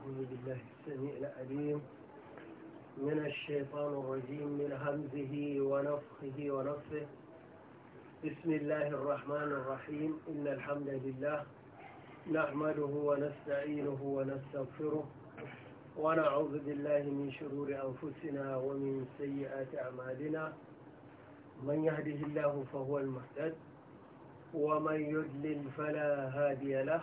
أعوذ بالله السميع العليم من الشيطان الرجيم من همزه ونفخه ونفخه بسم الله الرحمن الرحيم إن الحمد لله نحمده ونستعينه ونستغفره ونعوذ بالله من شرور أنفسنا ومن سيئات أعمالنا من يهده الله فهو المهتد ومن يدلل فلا هادي له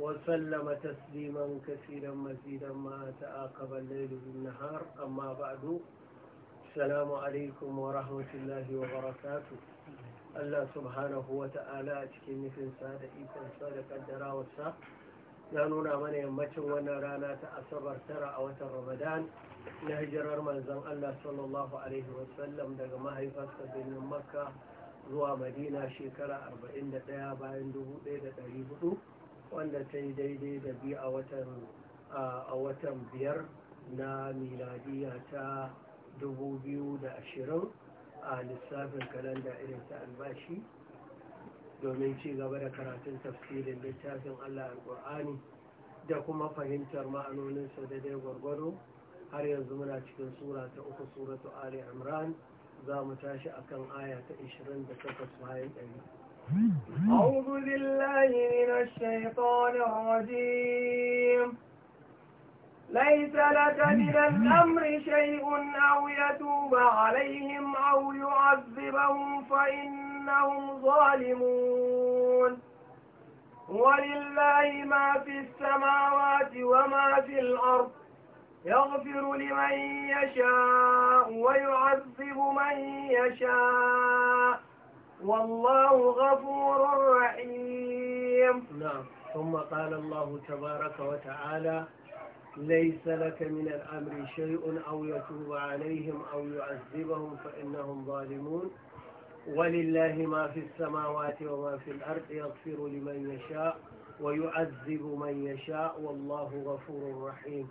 وسلم تسليما كثيرا مزيدا ما تعاقب الليل بالنهار أما بعد السلام عليكم ورحمة الله وبركاته Allah subhanahu wa ta'ala a cikin nufinsa da ikonsa da kaddarawarsa ya nuna mana yammacin wannan rana ta asabar tara a watan ramadan na hijirar manzon Allah sallallahu alaihi wasallam daga mahaifarsa birnin makka zuwa madina shekara arba'in da ɗaya bayan dubu ɗari 1400 wanda ta yi daidai da biyu a watan a watan biyar na miladiya ta da ashirin a lissafin kalanda irin ta albashi domin ci gaba da karatun tafsirin littafin Allah al-Qur'ani da kuma fahimtar ma'anoninsa da dai gwargwado har yanzu muna cikin sura ta uku suratu Ali Imran za mu tashi akan aya ta 28 bayan 100 أعوذ بالله من الشيطان الرجيم ليس لك من الأمر شيء أو يتوب عليهم أو يعذبهم فإنهم ظالمون ولله ما في السماوات وما في الأرض يغفر لمن يشاء ويعذب من يشاء والله غفور رحيم نعم ثم قال الله تبارك وتعالى ليس لك من الأمر شيء أو يتوب عليهم أو يعذبهم فإنهم ظالمون ولله ما في السماوات وما في الأرض يغفر لمن يشاء ويعذب من يشاء والله غفور رحيم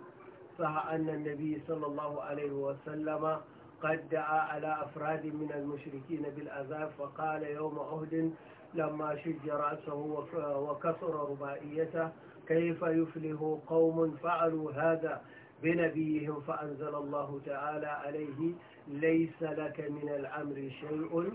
فها أن النبي صلى الله عليه وسلم قد دعا على أفراد من المشركين بالعذاب فقال يوم عهد لما شج رأسه وكسر ربائيته كيف يفله قوم فعلوا هذا بنبيهم فأنزل الله تعالى عليه ليس لك من الأمر شيء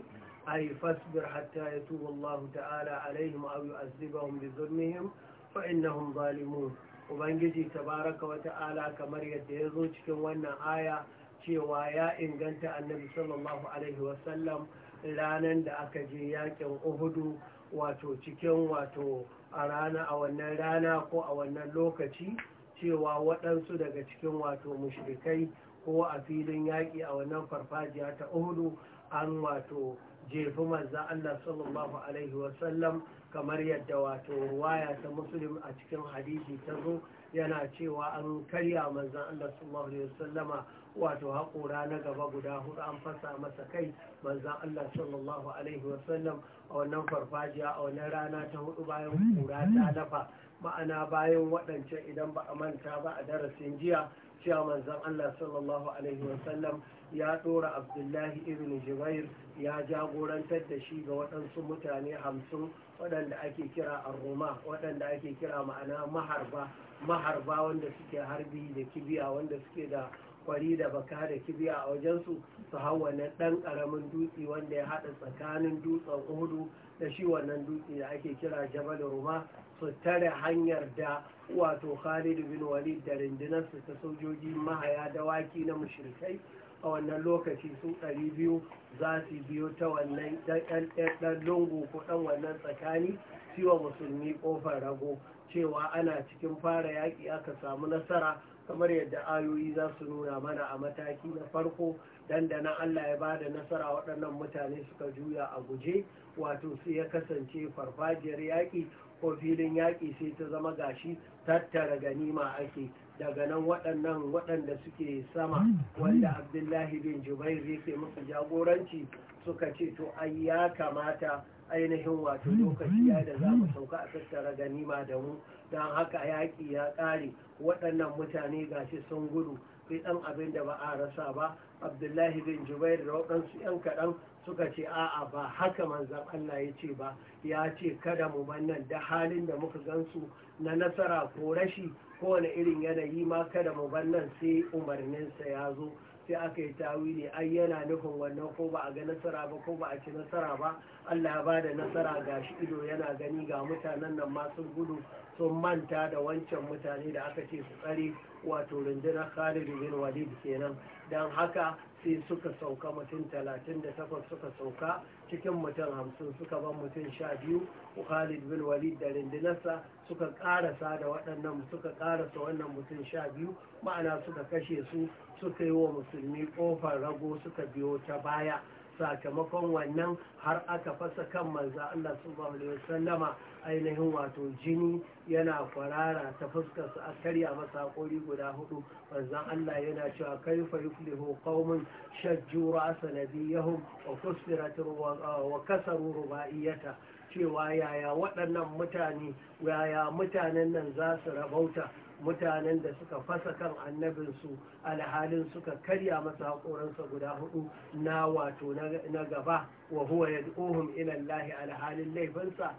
أي فاصبر حتى يتوب الله تعالى عليهم أو يعذبهم بظلمهم فإنهم ظالمون وبنجي تبارك وتعالى كمريت يزوج كم وانا آية cewa ya inganta annabi sallallahu alaihi wasallam ranar da aka je yakin uhudu wato cikin wato a rana a wannan rana ko a wannan lokaci cewa waɗansu daga cikin wato mushrikai ko a filin yaƙi a wannan farfajiya ta uhudu an wato jefi manza Allah sallallahu alaihi wasallam kamar yadda wato ruwaya ta musulun a cikin hadisi ta zo yana cewa an karya manzan Allah sallallahu alaihi wasallama wato haƙora na gaba guda hudu an fasa masa kai manzan Allah sallallahu Alaihi wasallam a wannan farfajiya a wannan rana ta hudu bayan kura ta lafa ma'ana bayan waɗancan idan ba a manta ba a darasin jiya cewa manzan Allah sallallahu Alaihi wasallam ya ɗora Abdullahi ibn Jubair ya jagorantar da shi ga waɗansu mutane hamsin waɗanda ake kira aroma waɗanda ake kira ma'ana maharba maharba wanda suke harbi da kibiya wanda suke da kwari da baka da kibiya a wajensu su hau wannan ɗan ƙaramin dutse wanda ya haɗa tsakanin dutsen hudu da shi wannan dutse da ake kira jabal ruma su tare hanyar da wato khalid bin walid da rindinarsu ta sojoji mahaya dawaki na mushrikai a wannan lokaci su ɗari biyu za su biyo ta wannan ɗan lungu ko ɗan wannan tsakani siwa musulmi ƙofar rago cewa ana cikin fara yaƙi aka samu nasara kamar yadda ayoyi za su nuna mana a mataki na farko dan da na Allah ya bada nasara waɗannan mutane suka juya a guje wato su ya kasance farfajiyar yaƙi ko filin yaƙi sai ta zama gashi tattara ganima ake daga nan waɗannan waɗanda suke sama wanda abdullahi bin jubair yake musu jagoranci suka ce to ai ya kamata ainihin wato hmm, lokaci hmm, ya da za mu hmm. sauka a tattara ganima da mu don haka yaƙi ya ƙare waɗannan mutane gashi sun gudu sai ɗan abin da ba a rasa ba abdullahi bin jubair da waɗansu 'yan kaɗan suka ce a'a ba haka manzan allah ya ce ba ya ce kada mu bannan da halin da muka gansu na nasara ko rashi kowane irin yanayi ma kada mu bannan sai umarninsa ya zo sai aka yi tawili ai yana nufin wannan ko ba a ga nasara ba ko ba a ci nasara ba Allah ya ba da nasara ga shi ido yana gani ga mutanen nan masu gudu sun manta da wancan mutane da aka ce su tsare wato rundunar Khalid bin Walid kenan dan haka sai suka sauka mutum talatin da takwas suka sauka cikin mutum hamsin suka ban mutum sha biyu Khalid bin Walid da rundunarsa suka karasa da waɗannan suka karasa wannan mutum sha biyu ma'ana suka kashe su suka yi wa musulmi kofar rago suka biyo ta baya sakamakon wannan har aka fasa kan manza Allah subhanahu wa sallama ainihin wato jini yana kwarara ta fuskarsa a karya masa kori guda hudu manzan Allah yana cewa kaifa yuflihu qaumun shajju ra'sa nabiyahum wa kusirat wa kasaru rubaiyata cewa yaya waɗannan mutane yaya mutanen nan za su rabauta mutanen da suka fasa kan annabinsu alhalin suka karya masa haƙoransa guda hudu na wato na gaba wa huwa ya ohun ilallahi alhalin laifinsa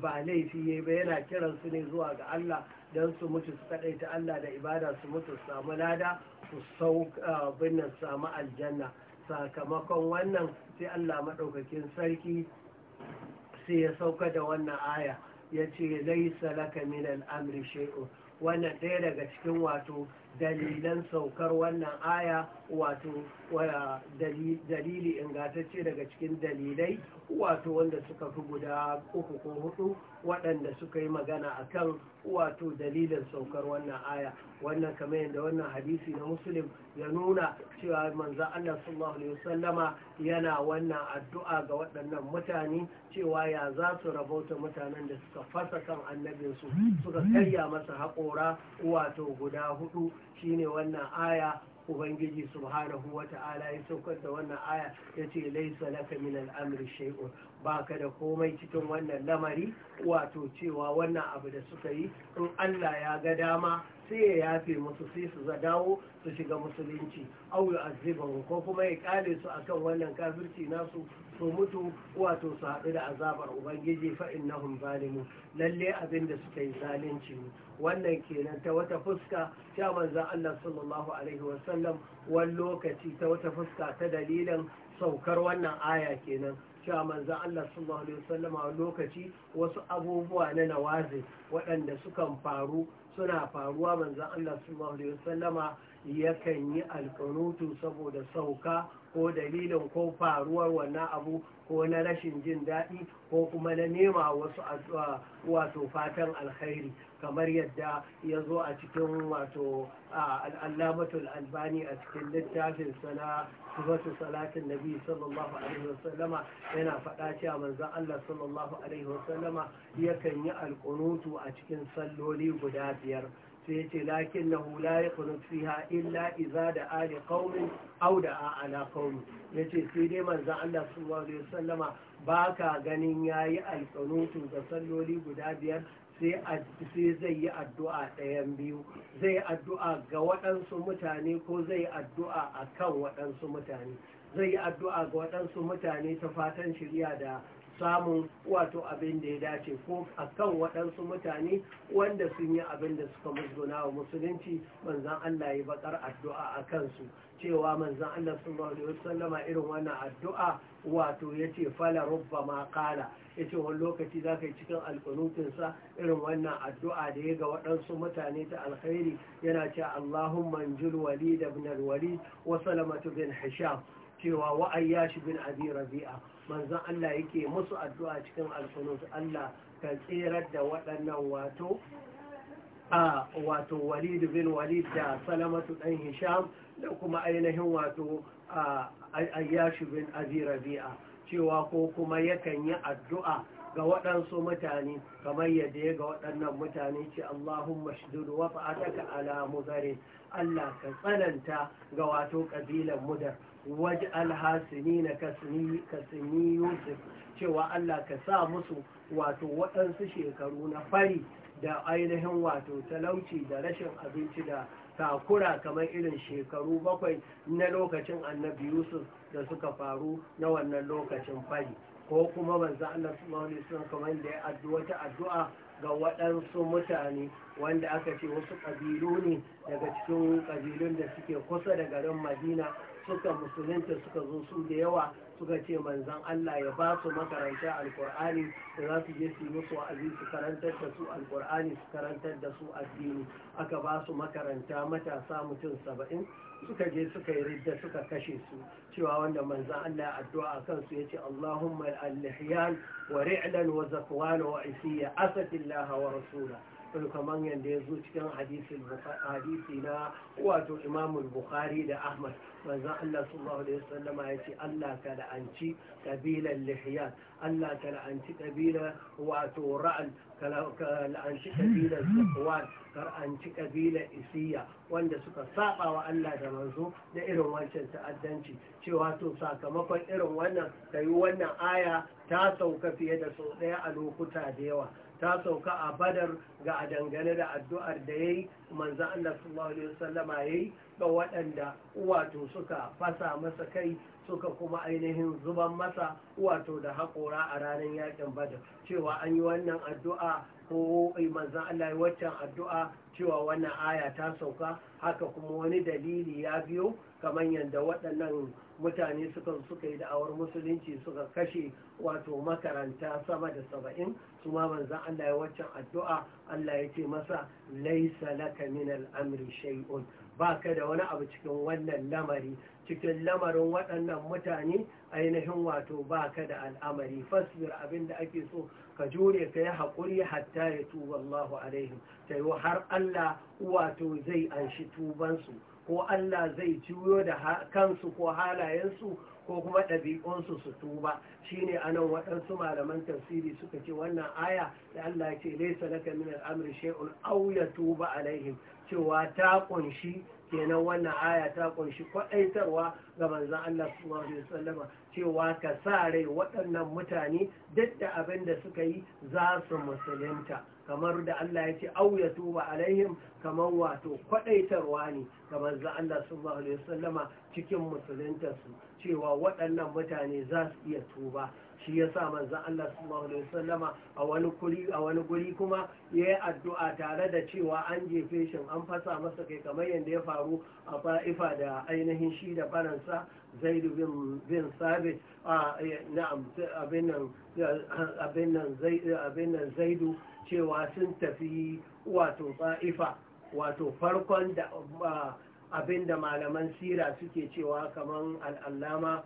ba laifi ya ba yana kiransu ne zuwa ga Allah don su mutu su kaɗaita Allah da ibada su mutu su samu lada su sau binnan samu aljanna sakamakon wannan sai Allah maɗaukakin sarki sai ya sauka da wannan aya ya ce laisa laka min al'amri shay'un wannan ɗaya daga cikin wato dalilan saukar wannan aya wato dalili ingantacce daga cikin dalilai wato wanda suka fi guda uku ko hudu waɗanda suka yi magana akan wato dalilin saukar wannan aya wannan kamar yadda wannan hadisi na muslim ya nuna cewa manza Allah sallallahu alaihi wasallama yana wannan addu'a ga waɗannan mutane cewa ya za su rabauta mutanen da suka fasa kan annabinsu suka karya masa haƙora wato guda hudu shine wannan aya ubangiji subhanahu wa ta'ala ya saukar da wannan aya ya ce laisa laka min al'amri shay'un baka da komai cikin wannan lamari wato cewa wannan abu da suka yi in Allah ya ga dama sai ya yafe musu sai su za dawo su shiga musulunci au yu'azzibahum ko kuma ya kale su akan wannan kafirci nasu su mutu wato su haɗu da azabar ubangiji fa innahum zalimu lalle abin da suka yi zalunci wannan kenan ta wata fuska ta manzan Allah sallallahu alaihi wasallam wani lokaci ta wata fuska ta dalilin saukar wannan aya kenan sha manzan Allah sallallahu alaihi wasallam a lokaci wasu abubuwa na nawazi waɗanda sukan faru suna faruwa manzan Allah sallallahu alaihi wasallama yakan yi alƙanutu saboda sauka ko dalilin ko faruwar wannan abu ko na rashin jin daɗi ko kuma na nema wasu wato fatan alkhairi kamar yadda ya zo a cikin wato al'allamatul albani a cikin littafin sana sifatu salatin nabi sallallahu alaihi wasallama yana faɗa cewa manzon Allah sallallahu alaihi wasallama yakan yi alƙunutu a cikin salloli guda biyar sai ya ce lakin na hula ya kunut fiha illa iza da ali kaumin au da ala ya ce sai dai manzan Allah sallallahu alaihi sallama. ba ka ganin ya yi alƙanutu ga salloli guda biyar sai zai yi addu'a ɗayan biyu zai addu'a ga waɗansu mutane ko zai addu'a a kan waɗansu mutane zai yi addu'a ga waɗansu mutane ta fatan shirya da samun wato abin da ya dace ko a kan waɗansu mutane wanda sun yi abin da suka musguna wa musulunci manzan Allah ya bakar addu'a a kansu cewa manzan Allah sallallahu alaihi wasallama irin wannan addu'a wato yace fala rubbama Ya ce wani lokaci zaka yi cikin alqunutun irin wannan addu'a da ya ga waɗansu mutane ta alkhairi yana ce, Allahumma anjil Wali da al-walid wa bin hisham cewa wa'ayyashi bin abi rabi'a manzon Allah yake musu addu'a cikin alkunus Allah ka tsirar da waɗannan wato a wato walid bin walid da salamatu ɗan hisham da kuma ainihin wato ayyashi bin azirabia cewa ko kuma yakan yi addu'a ga waɗansu mutane kamar yadda ya ga waɗannan mutane ce Allahumma shidud wa fa'ataka ala mudarin Allah ka tsananta ga wato ƙabilan mudar waje alhasini na kasini yusuf cewa Allah ka sa musu wato waɗansu shekaru na fari da ainihin wato talauci da rashin abinci da takura kamar irin shekaru bakwai na lokacin annabi yusuf da suka faru na wannan lokacin fari ko kuma manzo Allah subhanahu wa ta'ala kamar da ya addu'a ta addu'a ga waɗansu mutane wanda aka ce wasu ƙabilu ne daga cikin ƙabilun da suke kusa da garin madina suka musulunci suka zo su da yawa suka ce manzan Allah ya ba su makaranta alkur'ani da za su je su yi musu wa'azi su karantar da su alkur'ani su karantar da su addini aka ba su makaranta matasa mutum saba'in suka je suka yi ridda suka kashe su cewa wanda manzan Allah ya addu'a kansu ya ce Allahumma al-lihyan wa ri'lan wa zakwan wa isiya asatillah wa rasula kamar yadda ya zo cikin hadisi na wato imamul bukhari da ahmad manzan allah sallallahu alaihi wasallama ya ce allah ka la'anci kabilar lihiyan allah ka la'anci kabilar wato ra'al ka la'anci kabilar ka la'anci kabilar isiya wanda suka saba wa Allah da manzo da irin wancan ta'addanci cewa to sakamakon irin wannan yi wannan aya ta sauka fiye da sau ɗaya a lokuta da yawa ta sauka a badar ga a dangane da addu'ar da ya yi manzan Allah sallallahu ya yi ga waɗanda wato suka fasa masa kai suka kuma ainihin zuban masa wato da haƙora a ranar yakin badar cewa an yi wannan addu'a ko manzan Allah ya waccan addu'a cewa wannan aya ta sauka haka kuma wani dalili ya biyo kamar yadda waɗannan mutane suka suka yi da'awar musulunci suka kashe wato makaranta sama da saba'in su ma manzan Allah ya waccan addu'a Allah ya ce masa laisa laka min al'amri shay'un ba ka da wani abu cikin wannan lamari cikin lamarin waɗannan mutane ainihin wato ba ka da al'amari fasbir abin da ake so ka jure ka yi haƙuri hatta ya tuba Allahu alaihim ta yi har Allah wato zai anshi tubansu ko Allah zai juyo da kansu ko halayensu ko kuma ɗabi'unsu su tuba shine anan waɗansu malaman tafsiri suka ce wannan aya da Allah ce laisa laka min al'amri shay'un aw tuba alaihim cewa ta kunshi kenan wannan aya ta kunshi kwaɗaitarwa ga manzon Allah sallallahu alaihi wasallama cewa ka sa rai waɗannan mutane duk da abin da suka yi za su musulunta kamar da Allah ya ce au ya tuba alaihim kamar wato kwadaitarwa ne kamar za Allah sallallahu alaihi cikin musulunta cewa waɗannan mutane za su iya tuba shi ya sa manzan Allah sallallahu alaihi sallama a wani kuri a wani guri kuma ya yi addu'a tare da cewa an jefe shi an fasa masa kai kamar yadda ya faru a fa'ifa da ainihin shi da faransa زيد بن بن ثابت zaidu cewa sun tafi wato ta'ifa wato farkon da abin malaman sira suke cewa kamar al'allama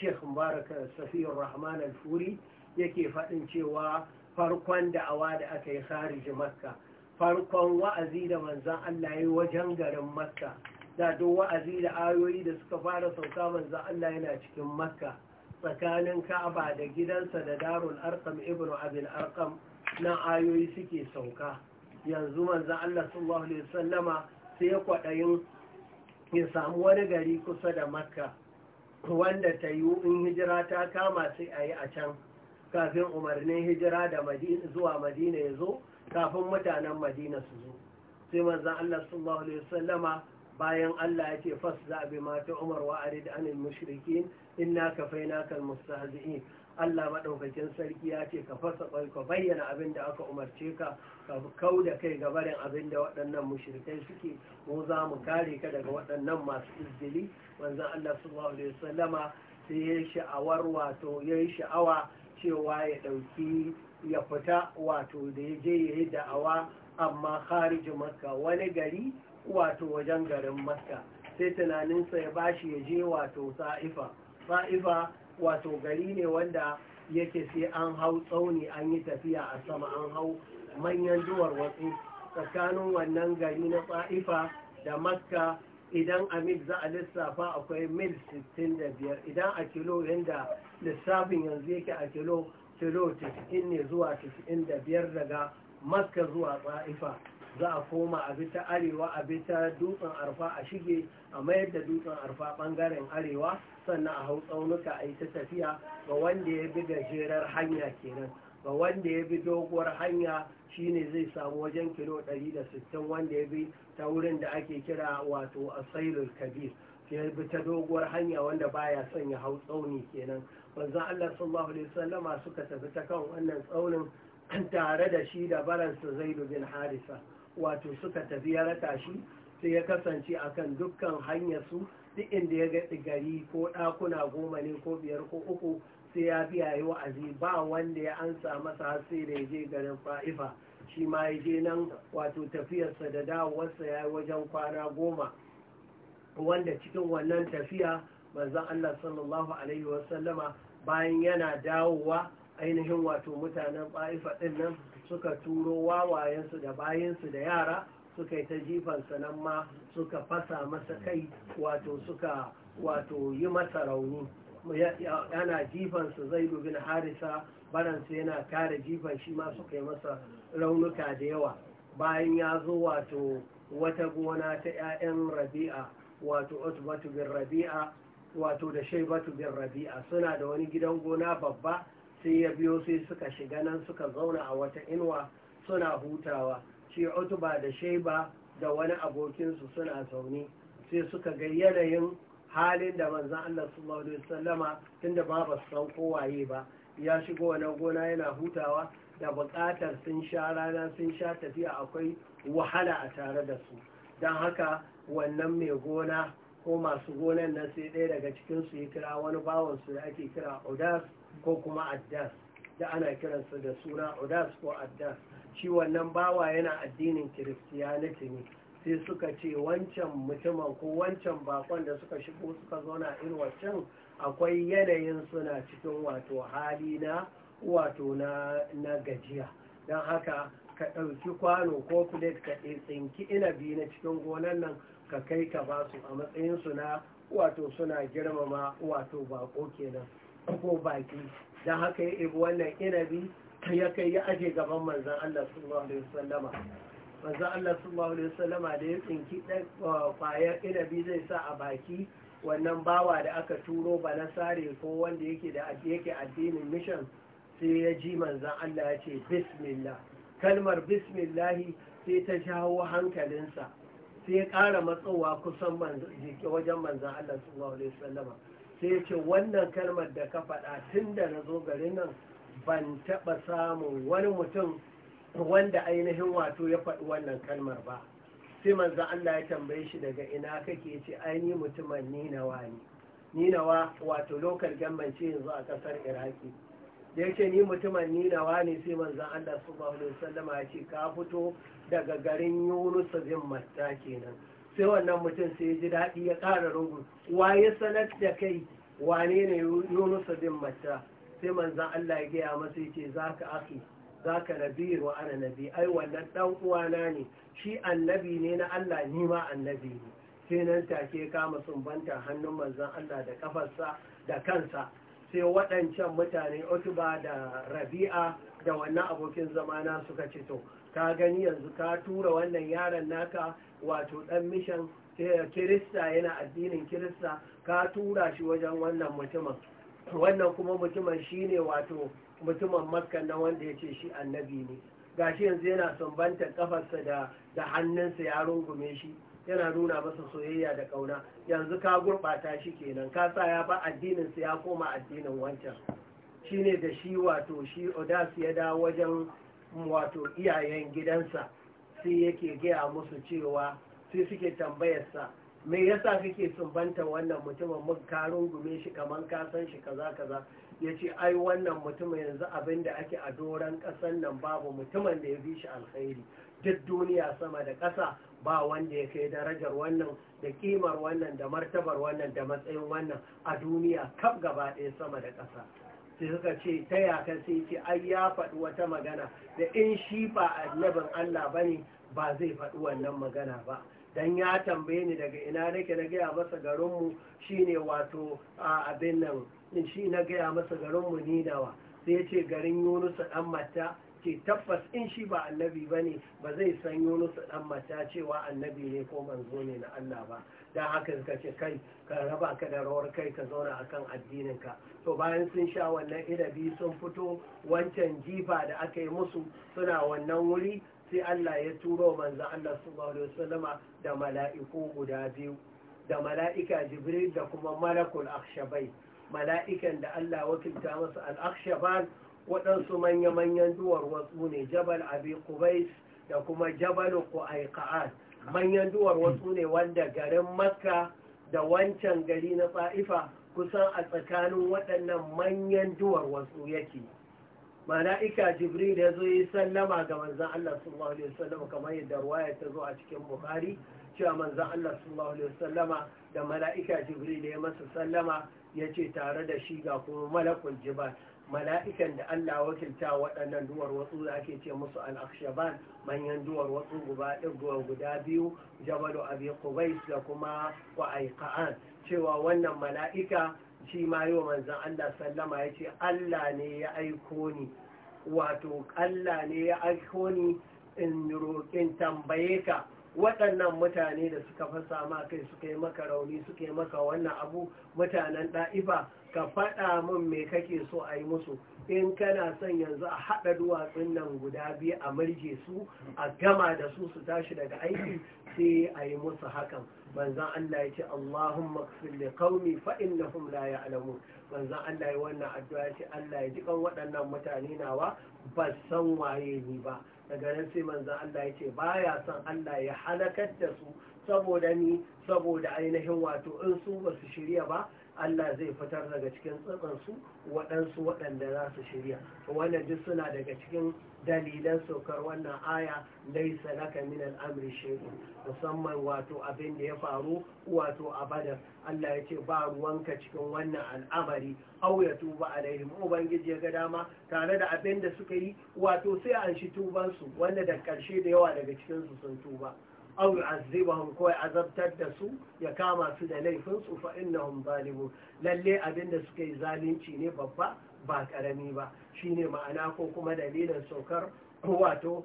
sheikh mubarak safiyar rahman al-furi yake faɗin cewa farkon da awa da aka yi kharij makka farkon wa'azi da manzan allah ya wajen garin makka da don wa'azi da ayoyi da suka fara sauka manzan Allah yana cikin makka tsakanin ka'aba da gidansa da darul arkam ibn abin arkam na ayoyi suke sauka yanzu manzan Allah sallallahu alaihi sallama, sai ya kwaɗayin ya samu wani gari kusa da makka wanda ta yi in hijira ta kama sai a yi a can kafin umarnin hijira da zuwa madina ya zo kafin mutanen madina su zo sai manzan Allah sallallahu alaihi sallama. bayan Allah ya ce fasza bi mata umar wa arid anil mushrikin inna kafainaka almustahzi'in Allah madaukakin sarki ya ce ka fasa ka bayyana abin da aka umarce ka ka kau da kai ga barin abin da waɗannan mushrikai suke mu za mu kare ka daga waɗannan masu izdili manzon Allah sallallahu alaihi wasallama sai ya sha'awar wato ya yi sha'awa cewa ya ɗauki ya fita wato da ya je ya yi da'awa amma kharij makka wani gari wato wajen garin makka sai tunaninsa ya bashi ya je wato sa'ifa sa'ifa wato gari ne wanda yake sai an hau tsauni an yi tafiya a sama an hau manyan duwar wasu tsakanin wannan gari na sa'ifa da makka idan a mil za a lissafa akwai mil 65 idan a kilo yadda lissafin yanzu yake a kilo kilo 90 ne zuwa 95 daga makka zuwa sa'ifa za a koma a bi ta arewa a bi ta dutsen arfa a shige a mayar da dutsen arfa bangaren arewa sannan a hau tsaunuka a yi ta tafiya ga wanda ya bi gajerar hanya kenan ga wanda ya bi doguwar hanya shine zai samu wajen kilo 160 wanda ya bi ta wurin da ake kira wato asailul kabir ya bi ta doguwar hanya wanda baya son ya hau tsauni kenan manzon Allah sallallahu alaihi wasallama suka tafi ta kan wannan tsaunin tare da shi da baransa Zaidu bin Harisa wato suka tafi ya shi sai ya kasance akan dukkan hanyar su duk inda ya gaɗi gari ko ɗakuna goma ne ko biyar ko uku sai ya biya yi wa'azi ba wanda ya ansa masa har sai da ya je garin fa'ifa shi ma ya je nan wato tafiyarsa da dawowarsa ya yi wajen kwana goma wanda cikin wannan tafiya manzan Allah sallallahu Alaihi wasallama bayan yana dawowa ainihin wato mutanen fa'ifa ɗin nan suka turo wawayensu da bayansu da yara suka yi ta jifan nan ma suka fasa masa kai wato suka wato yi masa rauni yana jifan su zai bin harisa baransa yana kare jifan shi ma suka yi masa raunuka da yawa bayan ya zo wato wata gona ta 'ya'yan rabi'a wato utbatu rabi'a wato da shaibatu bin rabi'a suna da wani gidan gona babba sai ya biyo sai suka shiga nan suka zauna a wata inuwa suna hutawa shi utuba da shaiba da wani abokinsu suna zaune sai suka ga yanayin halin da manzan Allah sallallahu alaihi wasallama tunda ba ba san kowaye ba ya shigo wani gona yana hutawa da bukatar sun sha rana sun sha tafiya akwai wahala a tare da su don haka wannan mai gona ko masu gonan nan sai ɗaya daga cikinsu ya kira wani bawansu da ake kira odas ko kuma addas da ana kiransa da suna odas ko addas shi wannan bawa yana addinin kiristiyaniti ne sai suka ce wancan mutumin ko wancan bakon da suka shigo suka zauna irin wancan akwai yanayin suna cikin wato hali na wato na gajiya don haka ka ɗauki kwano ko filet ka tsinki inabi na cikin gonan nan ka kai ka basu a matsayin suna wato suna girmama wato bako kenan ko baki don haka ya ibi wannan inabi ya kai ya aje gaban manzan Allah sallallahu alaihi wasallama manzan Allah sallallahu alaihi wasallama da ya tsinki uh, kwayar inabi zai sa a baki wannan bawa da aka turo ba na sare ko wanda yake da yake addinin mission sai ya ji manzan Allah ya ce bismillah kalmar bismillahi sai ta jawo hankalinsa sai ya ƙara matsowa kusan wajen manzan Allah sallallahu alaihi wasallama sai ce wannan kalmar da ka faɗa tun da na zo gari nan ban taɓa samun wani mutum wanda ainihin wato ya faɗi wannan kalmar ba sai manzan Allah ya tambaye shi daga ina kake ce aini mutumin ninawa ne ninawa wato lokal gambance yanzu a ƙasar iraki da yake ni mutumin ninawa ne sai manzan Allah subhanahu wa ta'ala ya ce ka fito daga garin Yunus bin Matta kenan sai wannan mutum sai ya ji daɗi ya ƙara rungun wa ya sanar da kai wane ne yunus bin mata sai manzan Allah ya gaya masa ya ce za ka aki za ka nabi wa ana nabi ai wannan ɗan uwana ne shi annabi ne na Allah ni ma annabi ne sai nan take kama sumbanta hannun manzan Allah da kafarsa da kansa sai waɗancan mutane utuba da rabi'a da wannan abokin zamana suka ce to ka gani yanzu ka tura wannan yaron naka wato dan mishan kirista yana addinin kirista ka tura shi wajen wannan mutumin wannan kuma mutumin shine wato mutumin makka na wanda ya ce shi annabi ne gashi yanzu yana sumbantar kafarsa da da hannunsa ya rungume shi yana nuna masa soyayya da ƙauna yanzu ka gurɓata shi kenan ka sa ya ba addinin sa ya koma addinin wancan shine da shi wato shi odas ya da wajen wato iyayen gidansa sai yake gaya musu cewa sai suke sa me yasa kake sumbanta wannan mutumin mun ka rungume shi kaman ka san shi kaza kaza ya yace ai wannan mutumin yanzu abin da ake a doran kasan nan babu mutumin da ya bi shi alkhairi duk duniya sama da kasa ba wanda ya kai darajar wannan da kimar wannan da martabar wannan da matsayin wannan a duniya kaf gaba ɗaya sama da ƙasa sai suka ce ta yaka sai ce ai ya faɗi wata magana da in shi ba annabin Allah ba ne ba zai faɗi wannan magana ba dan ya tambaye ni daga ina nake na gaya masa garinmu shi ne wato abin nan shi na gaya masa garinmu ni nawa sai ce garin yunusa dan matta ce tabbas in shi ba annabi ba ne ba zai san yunus dan mata cewa annabi ne ko manzo ne na allah ba don haka suka ce kai ka raba ka da rawar kai ka zauna a akan addininka to bayan sun sha wannan idabi sun fito wancan jifa da aka yi musu suna wannan wuri sai allah ya turo manzo allah su alaihi wasallama da mala'iku guda biyu da mala'ika jibril da kuma malakul akshabai mala'ikan da allah wakilta musu al waɗansu manya-manyan duwar wasu ne jabal abi kubais da kuma jabal ku'aika'an manyan duwar wasu ne wanda garin makka da wancan gari na tsa'ifa kusan a tsakanin waɗannan manyan duwar wasu yake mala'ika jibril ya zo yi sallama ga manzan Allah sallallahu alaihi wasallam kamar yadda ruwaya ta zo a cikin Buhari? cewa manzan Allah sallallahu alaihi wasallama da mala'ika jibril ya masa sallama yace tare da shi ga kuma malakul jibal mala'ikan da Allah wakilta waɗannan duwar wasu da ake ce musu al'akshaban manyan duwar wasu guba ɗirguwa guda biyu jabalu abi kubais da kuma wa'aika'an cewa wannan mala'ika shi ma yi wa Allah sallama ya ce Allah ne ya aiko ni wato Allah ne ya aiko ni in roƙin tambaye ka waɗannan mutane da suka fasa ma kai suka yi maka rauni suka yi maka wannan abu mutanen ɗa'ifa ka faɗa min me kake so a yi musu in kana son yanzu a haɗa duwatsun nan guda biyu a marje su a gama da su su tashi daga aiki sai a yi musu hakan manzan Allah ya ce Allahumma kafir li qaumi fa innahum la ya'lamun banzan Allah ya wannan addu'a ya ce Allah ya ji waɗannan mutane nawa ba san waye ni ba daga nan sai manzan Allah ya ce baya son Allah ya halakar da su saboda ni saboda ainihin wato in su ba su shirya ba Allah zai fitar daga cikin su waɗansu waɗanda za su shirya wannan duk suna daga cikin dalilan saukar wannan aya laisa laka min al'amri shay'un musamman wato abin da ya faru wato a badar Allah ya ce ba ruwanka cikin wannan al'amari au ya tuba alaihim ubangiji ya ga dama tare da abin da suka yi wato sai an shi tubansu wanda da ƙarshe da yawa daga cikinsu sun tuba aw yu'azzibahum ko azabtar da su ya kama su da laifin su na innahum zalimun lalle abin da suka yi zalunci ne babba ba karami ba shine ma'ana ko kuma dalilin saukar wato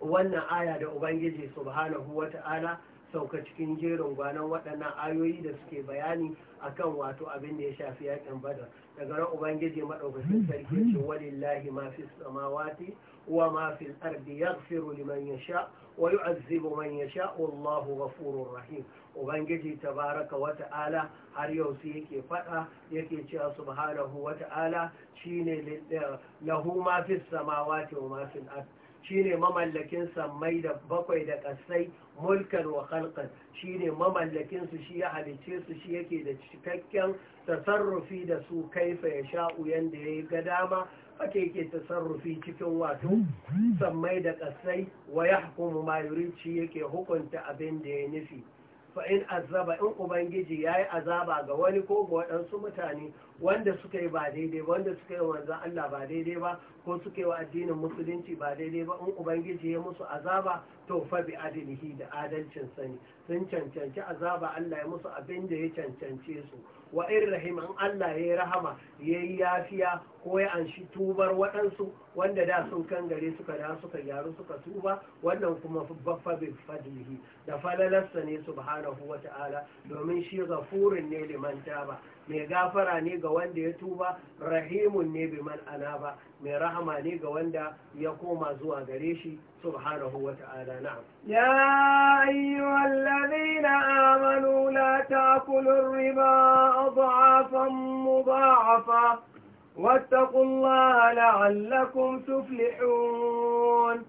wannan aya da ubangiji subhanahu wata'ala sauka cikin jerin gwanon waɗannan ayoyi da suke bayani a kan wato abin da ya shafi yakin badar daga ran ubangiji maɗaukacin sarki ce walillahi ma fi samawati وما في الأرض يغفر لمن يشاء ويعذب من يشاء والله غفور رحيم وبنجي تبارك وتعالى har yau sai yake faɗa yake cewa subhanahu wata'ala shine eh, lahu ma fi samawati wa ma fil ard shine mamallakin sammai da bakwai da kasai mulkan wa shine mamallakin su shi ya halice su shi yake da cikakken tasarrufi da su kaifaya ya sha'u yanda yayi ga dama ake yake tasarrufi cikin wato hmm. sammai da kasai wa ya hukumu mayurici yake hukunta abin da ya nufi fa in azaba in ubangiji ya yi azaba ga wani ko ga waɗansu mutane wanda suka yi ba daidai ba wanda suka yi wanzan Allah ba daidai ba ko suka yi wa addinin musulunci ba daidai ba in ubangiji ya musu azaba to fa bi adilihi da adalcin sani sun cancanci azaba Allah ya musu abin da ya cancance su wa in rahim Allah ya rahama ya yi yafiya ko ya anshi tubar waɗansu wanda da sun kan gare suka da suka gyaru suka tuba wannan kuma fa bi fadlihi da falalarsa ne subhanahu wata'ala domin shi gafurin ne liman taba mai gafara ne ga wanda ya tuba rahimun ne bi man anaba mai rahama ne ga wanda ya koma zuwa gare shi subhanahu wata'ala ta'ala na'am ya ayyuhal ladina amanu la ta'kulu riba adhafan mudha'afa واتقوا الله لعلكم تفلحون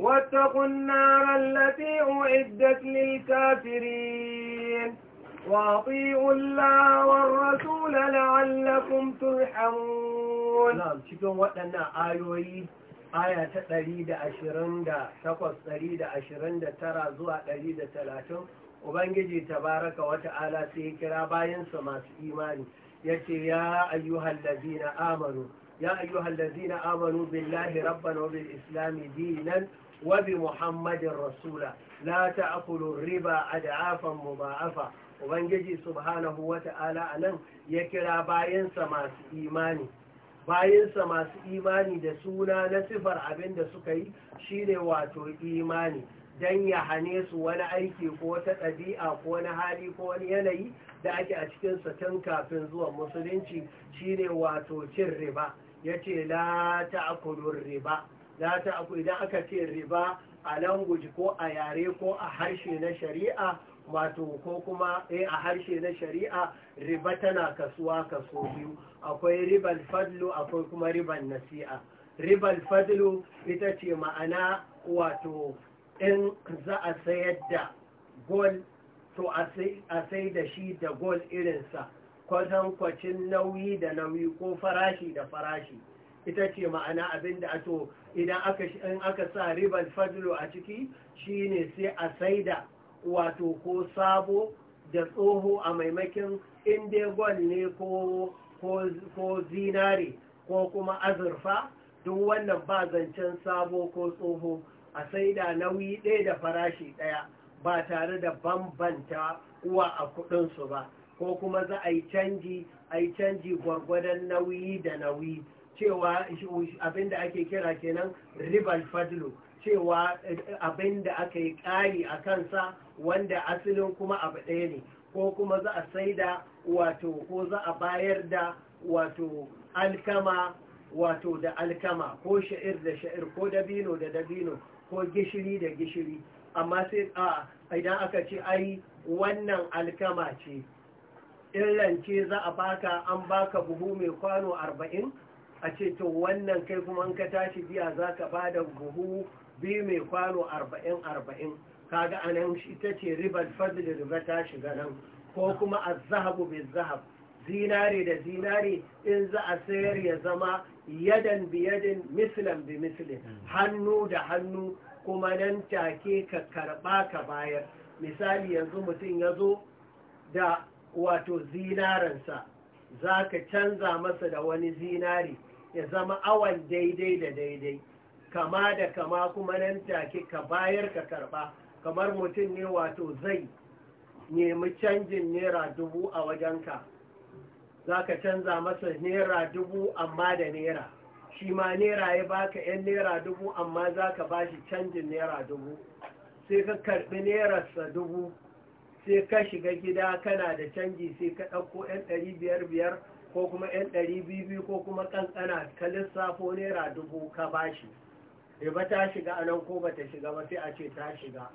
واتقوا النار التي أعدت للكافرين وأطيعوا الله والرسول لعلكم ترحمون cikin waɗannan ayoyi aya ta 128 zuwa 130 ubangiji tabaraka wa ta'ala sai kira bayansa masu imani yace ya ayyuhal amanu ya ayyuhal ladina amanu billahi rabban wa bil islami dinan wa bi muhammadin rasula la ta'kulu riba a ad'afan mudha'afa ubangiji subhanahu wata'ala a nan ya kira bayansa masu imani bayansa masu imani da suna na sifar abin da suka yi shine wato imani don ya hane su wani aiki ko wata ɗabi'a ko wani hali ko wani yanayi da ake a cikinsa tun kafin zuwa musulunci shine wato cin riba ya ce la ta'kulur riba la ta idan aka ce riba a language ko a yare ko a harshe na shari'a wato ko kuma eh, a harshe na shari'a riba tana kasuwa kaso biyu akwai ribal fadlu akwai kuma ribal nasi'a ribal fadlu ita ce ma'ana wato in za a sayar da gol to a sai da shi da gol irinsa kwatankwacin nauyi da nauyi ko farashi da farashi ita ce ma'ana abin da ato idan aka sa ribal fadlu a ciki shine sai a sai da wato ko sabo da tsoho a maimakin inda gwal ne ko zinare ko kuma azurfa duk wannan ba zancen sabo ko tsoho a sai da nauyi ɗaya da farashi ɗaya ba tare da bambanta uwa a kuɗinsu ba ko kuma za a yi canji a yi canji gwargwadon nauyi da nauyi cewa abin da ake kira kenan ribal fadlu cewa eh, abin da aka yi ƙari a kansa wanda asalin kuma abu ɗaya ne ko kuma za a saida wato ko za a bayar da wato alkama wato da alkama ko sha'ir da sha'ir ko dabino da dabino ko gishiri da gishiri amma sai a idan aka ce ai wannan alkama ce in ce za a baka an baka buhu mai kwano arba'in a ce to wannan kai kuma in ka tashi biya za ka ba da buhu biyu mai kwano arba'in arba'in kaga a nan ita ce ribar fadli riba ta shiga nan ko kuma a zahabu bai zahab zinare da zinare in za a sayar ya zama yadan bi yadin bi mislin hannu da hannu kuma nan take ka karba ka bayar misali yanzu mutum ya zo da wato zinaransa za ka canza masa da wani zinari ya zama awan daidai da daidai kama da kama kuma nan take ka bayar ka karba kamar mutum ne wato zai nemi canjin naira dubu a wajenka za ka canza masa naira dubu amma da naira shi ma naira ya baka yan naira dubu amma za ka ba shi canjin naira dubu sai ka karbi sa dubu sai ka shiga gida kana da canji sai ka ɗauko yan ɗari biyar biyar ko kuma 'yan ɗari biyu ko kuma ƙanƙana ka lissafo naira dubu ka ba e riba ta shiga a nan ko ba ta shiga ba sai a ce ta shiga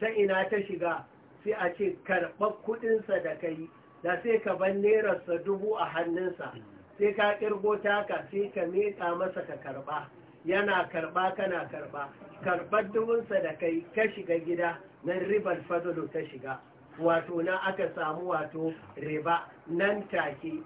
ta ina ta shiga sai a ce karɓar kuɗinsa da kai da sai ka ban nerarsa dubu a hannunsa sai ka ƙirgo taka sai ka miƙa masa ka karɓa yana karɓa kana karɓa karɓar dubunsa da kai ka shiga gida nan ribar fadlo ta shiga wato na aka samu wato riba nan take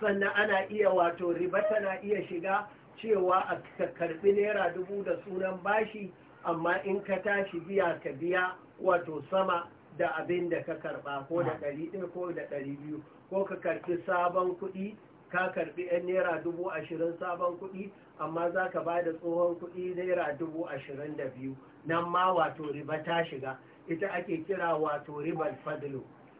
sannan ana iya wato riba tana iya shiga cewa a ka karbi naira dubu da sunan bashi amma in ka tashi biya ka biya wato sama da abin da ka karba ko da ɗari ɗaya ko da ɗari biyu ko ka karbi sabon kuɗi ka karbi yan naira dubu ashirin sabon kuɗi amma za ka ba da tsohon kuɗi naira dubu ashirin da biyu nan ma wato riba ta shiga ita ake kira wato ribar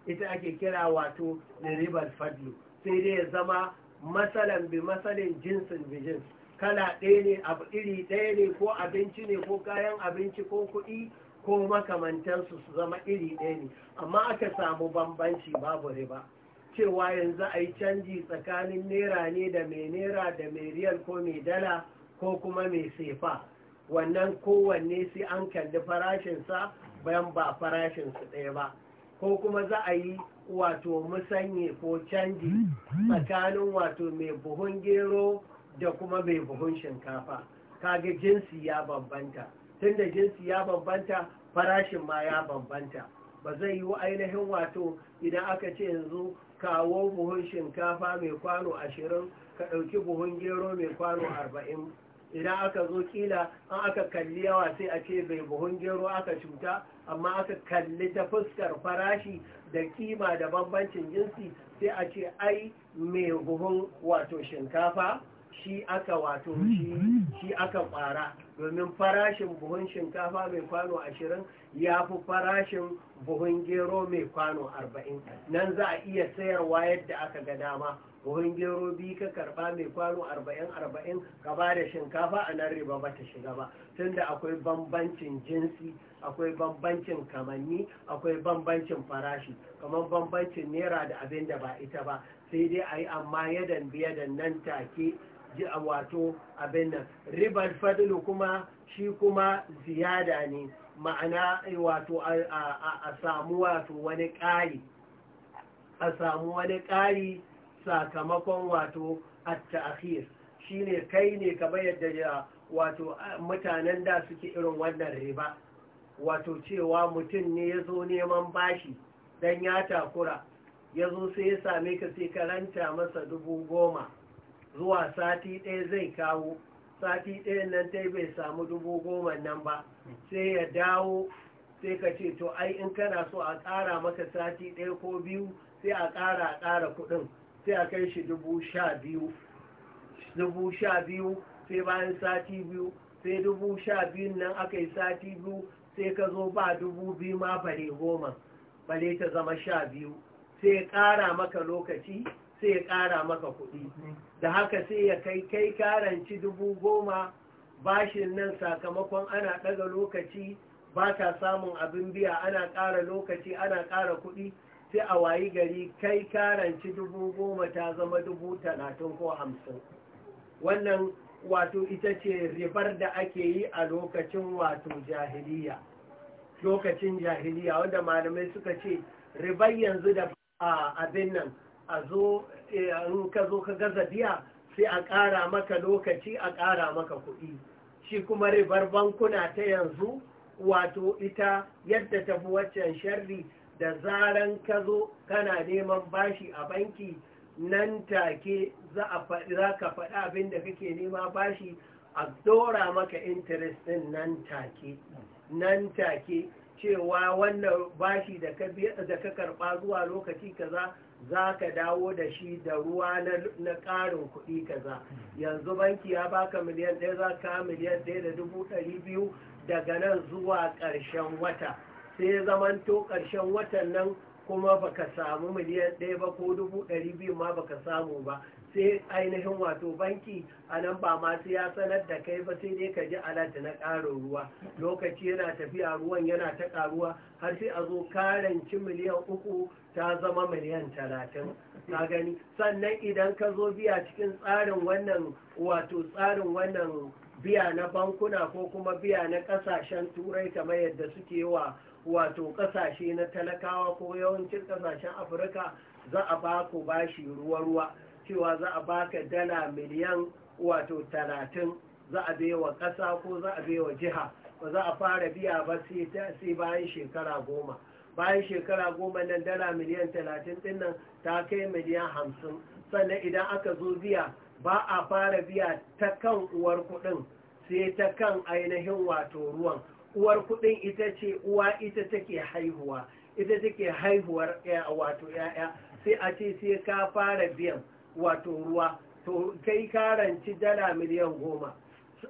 ita ake kira wato ribar fadlo sai dai ya zama matsalan bi matsalin jinsin bi jins kala ɗaya ne abu iri ɗaya ne ko abinci ne ko kayan abinci ko kuɗi ko makamantansu su zama iri ɗaya ne amma aka samu bambanci babu riba cewa yanzu a yi canji tsakanin naira ne da mai naira da mai riyal ko mai dala ko kuma mai sefa wannan kowanne sai an kalli farashinsa bayan ba farashinsu ɗaya ba ko kuma za a yi wato musanye ko canji hmm. tsakanin wato mai buhun gero da kuma mai buhun shinkafa kaga jinsi ya bambanta tunda jinsi ya bambanta farashin ma ya bambanta ba zai yi ainihin wato idan aka ce yanzu kawo buhun shinkafa mai kwano ashirin ka ɗauki buhun gero mai kwano arba'in idan aka zo kila an aka kalli yawa sai a ce bai buhun gero aka cuta amma aka kalli ta fuskar farashi da kima da bambancin jinsi sai a ce ai mai buhun wato shinkafa shi aka wato shi aka kwara domin farashin buhun shinkafa mai kwano ashirin ya fi farashin buhun gero mai kwano arba'in nan za a iya sayarwa yadda aka ga dama buhun gero bi ka karba mai kwano arba'in arba'in ka ba da shinkafa a nan riba ba ta shiga ba tunda akwai bambancin jinsi akwai bambancin kamanni akwai bambancin farashi kamar bambancin naira da abin da ba ita ba sai dai a yi amma yadan da nan take ji a wato abin nan ribar fadilu kuma shi kuma ziyada ne ma'ana eh, wato a samu wato wani ƙari a samu wani ƙari sakamakon wato at shi shine kai ne ka bayar da wato mutanen da suke irin wannan riba wato cewa mutum ne ya zo neman bashi don ya takura ya zo sai ya same ka sai karanta masa dubu goma zuwa sati ɗaya zai kawo sati ɗaya nan ta bai samu dubu goma nan ba sai ya dawo sai ka ce to ai in kana so a ƙara maka sati ɗaya ko biyu sai a ƙara a ƙara kuɗin sai a kai shi dubu sha biyu dubu sha biyu sai bayan sati biyu sai dubu sha biyun nan aka yi sati biyu sai ka zo ba dubu biyu ma bare goma bare ta zama sha biyu sai ya ƙara maka lokaci sai ya ƙara maka kuɗi da haka sai ya kai kai karanci dubu goma bashin nan sakamakon ana ɗaga lokaci ba ta samun abin biya ana ƙara lokaci ana ƙara kuɗi sai a wayi gari kai karanci dubu goma ta zama dubu talatin ko hamsin wannan wato ita ce ribar da ake yi a lokacin wato jahiliya lokacin jahiliya wanda malamai suka ce ribar yanzu da abin nan a zo eh, in ka zo ka gaza biya sai a ƙara maka lokaci a ƙara maka kuɗi shi kuma ribar bankuna ta yanzu wato ita yadda tafi waccan sharri da zaran ka zo kana neman bashi a banki nan take za ka faɗi abin da kake nema bashi a dora maka interest ɗin nan take nan take cewa wannan bashi da ka karɓa zuwa lokaci kaza za ka dawo da shi da ruwa na ƙarin kuɗi kaza yanzu banki ya baka miliyan ɗaya za ka miliyan ɗaya da dubu ɗari biyu daga nan zuwa ƙarshen wata sai zamanto ƙarshen watan nan kuma baka samu miliyan ɗaya ba ko dubu ɗari biyu ma baka samu ba sai ainihin wato banki a nan ba ma sai ya sanar da kai ba sai dai ka ji alata na ƙarin ruwa lokaci yana tafiya ruwan yana ta ƙaruwa har sai a zo karanci miliyan uku ta zama miliyan talatin ka gani sannan idan ka zo biya cikin tsarin wannan wato tsarin wannan biya na bankuna ko kuma biya na ƙasashen turai kamar yadda suke wa wato kasashe na talakawa ko yawancin kasashen afirka za a ba bashi ruwa-ruwa cewa za a baka dala miliyan wato talatin za a baiwa kasa ko za a baiwa jiha ba za a fara biya ba sai bayan shekara goma bayan shekara goma nan dala miliyan talatin din nan ta kai miliyan hamsin sannan idan aka zo biya ba a fara biya ta kan uwar kuɗin sai ta kan ainihin wato ruwan uwar kuɗin ita ce uwa ita take haihuwa ita take haihuwar wato ‘ya'ya sai a ce sai ka fara biyan wato ruwa to kai karanci dala miliyan goma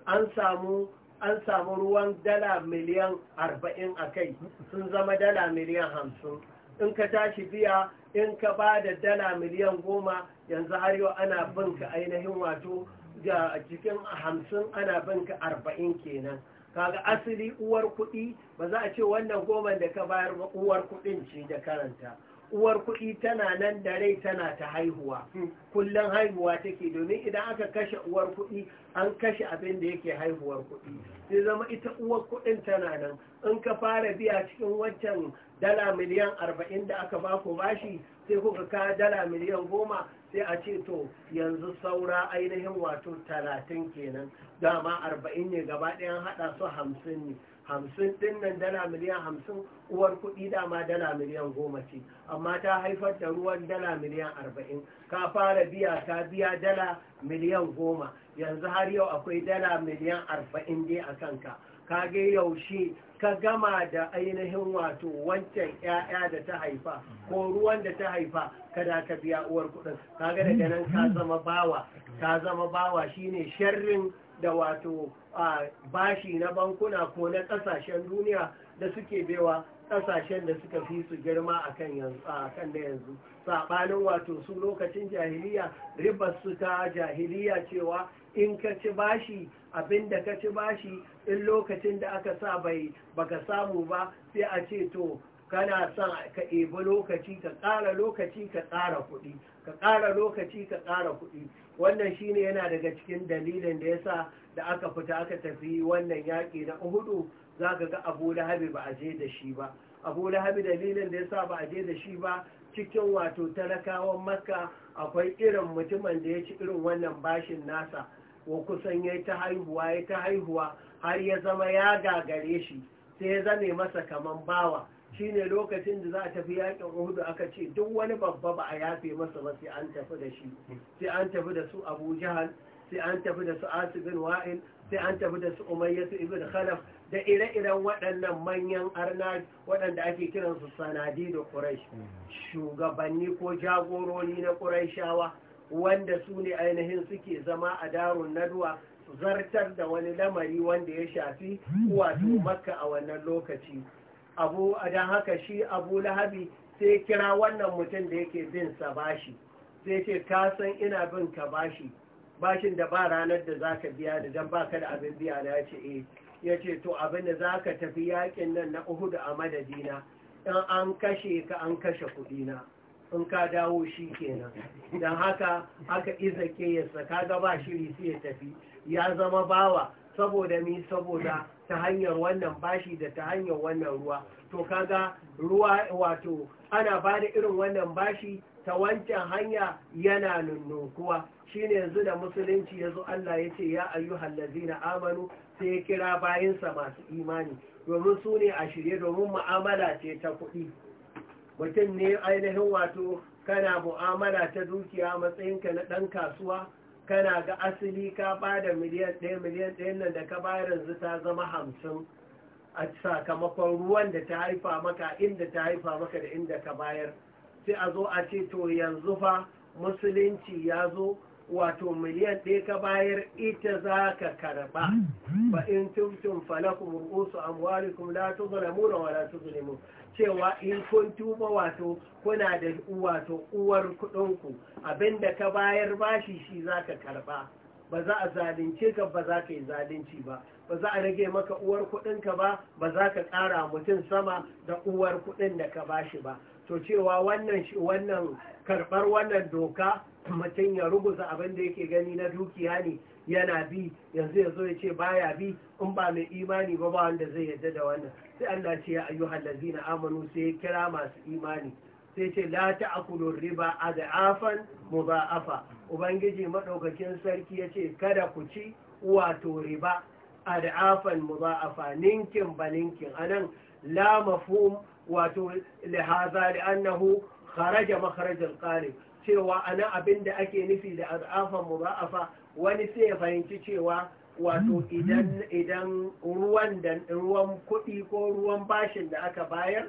an samu an samu ruwan dala miliyan arba'in a kai sun zama dala miliyan hamsin in ka tashi biya in ka ba da dala miliyan goma yanzu har yau ana binka ainihin wato ga cikin hamsin ana binka arba'in kenan kaga asali uwar kuɗi ba za a ce wannan goman da ka bayar ba uwar kuɗin ce da karanta uwar kuɗi tana nan da rai tana ta haihuwa kullum haihuwa take domin idan aka kashe uwar kuɗi an kashe abin da yake haihuwar kuɗi sai zama ita uwar kuɗin tana nan in ka fara biya cikin wancan dala miliyan arba'in da aka bako bashi sai kuka ka dala miliyan goma sai a ce to yanzu saura ainihin wato talatin kenan dama arba'in ne gaba ɗayan haɗa su hamsin ne hamsin ɗin nan dala miliyan hamsin uwar kuɗi dama dala miliyan goma ce amma ta haifar da ruwan dala miliyan arba'in ka fara biya ta biya dala miliyan goma yanzu har yau akwai dala miliyan arba'in dai a kanka ka ga yaushe ka gama da ainihin wato wancan 'ya'ya da ta haifa ko ruwan da ta haifa kada ka biya uwar kudin kaga da nan ka zama bawa ka zama bawa shine sharrin da wato bashi na bankuna ko na kasashen duniya da suke bewa kasashen da suka fi su girma a kan da yanzu saɓanin wato su lokacin jahiliya ribar su ta jahiliya cewa in ka ci bashi abin da ka ci bashi in lokacin da aka sa bai baka samu ba sai a ce to kana son ka ebi lokaci ka ƙara lokaci ka ƙara kuɗi ka ƙara lokaci ka ƙara kuɗi wannan shine yana daga cikin dalilin da ya sa da aka fita aka tafi wannan yaƙi na uhudu za ka ga abu lahabi ba a je da shi ba abu lahabi dalilin da ya sa ba a je da shi ba cikin wato talakawan makka akwai irin mutumin da ya ci irin wannan bashin nasa wa kusan ya ta haihuwa ya ta haihuwa har ya zama ya gagare shi sai ya zame masa kaman bawa shine lokacin da za a tafi yakin uhudu aka ce duk wani babba ba a yafe masa ba sai an tafi da shi sai an tafi da su abu jahal sai an tafi da su Asibin bin wa'il sai an tafi da su umayyatu ibn khalaf da ire-iren waɗannan manyan arna waɗanda ake kiransu sanadi da ƙuraish mm. shugabanni ko jagorori na ƙuraishawa wanda su ne ainihin suke zama a darun naduwa zartar da wani lamari wanda ya shafi wato makka a wannan lokaci abu don haka shi abu lahabi sai kira wannan mutum da yake bin sa bashi sai ce ka san ina bin ka bashi bashin da ba ranar da za ka biya da don baka da abin biya na ce eh ya ce to abinda za ka tafi yakin nan na uhudu a madadina in an kashe ka an kashe kudina in ka dawo shi kenan don haka aka iza keyarsa ka gaba shiri su ya tafi ya zama bawa saboda mi saboda ta hanyar wannan bashi da ta hanyar wannan ruwa to kaga ruwa wato ana bada irin wannan bashi ta wancan hanya yana nunnunkuwa shine yanzu da musulunci ya Allah ya ce ya ayyuhal na amanu sai ya kira bayansa masu imani domin su ne a shirye domin mu'amala ce ta kuɗi mutum ne ainihin wato kana mu'amala ta dukiya matsayinka na ɗan kasuwa kana ga asali ka da miliyan ɗaya miliyan ɗaya nan da ka bayar yanzu ta zama hamsin a sakamakon ruwan da ta haifa maka inda ta haifa maka da inda ka bayar sai a zo a ce to yanzu fa musulunci ya zo wato miliyan ɗaya ka bayar ita za ka karɓa ba mm-hmm. in tumtum falakum ru'usu amwalikum la tuzlamuna wa la tuzlimun cewa in kun tuba wato kuna da wato uwar kuɗinku abinda ka bayar bashi shi za ka karɓa ba za a zalunce ka ba za ka yi zalunci ba ba za a rage maka uwar kuɗinka ba ba za ka ƙara mutum sama da uwar kuɗin da ka bashi ba to cewa wannan wannan karɓar wannan doka mutum ya rubuta abin da yake gani na dukiya ne yana bi yanzu ya zo ya ce baya bi in ba mai imani ba ba wanda zai yarda da wannan sai Allah ce ya ayyuhal na amanu sai ya kira masu imani sai ce la ta'kulu riba adafan mudha'afa ubangiji madaukakin sarki ya ce kada ku ci wato riba adafan mudha'afa ninkin a anan la mafhum wato lihaza da annahu kharaja makharajal qalib cewa ana abin da ake nufi da azafan mudha'afa wani sai ya fahimci cewa wato hmm, hmm. idan idan ruwan da ruwan kuɗi ko ruwan bashin da aka bayar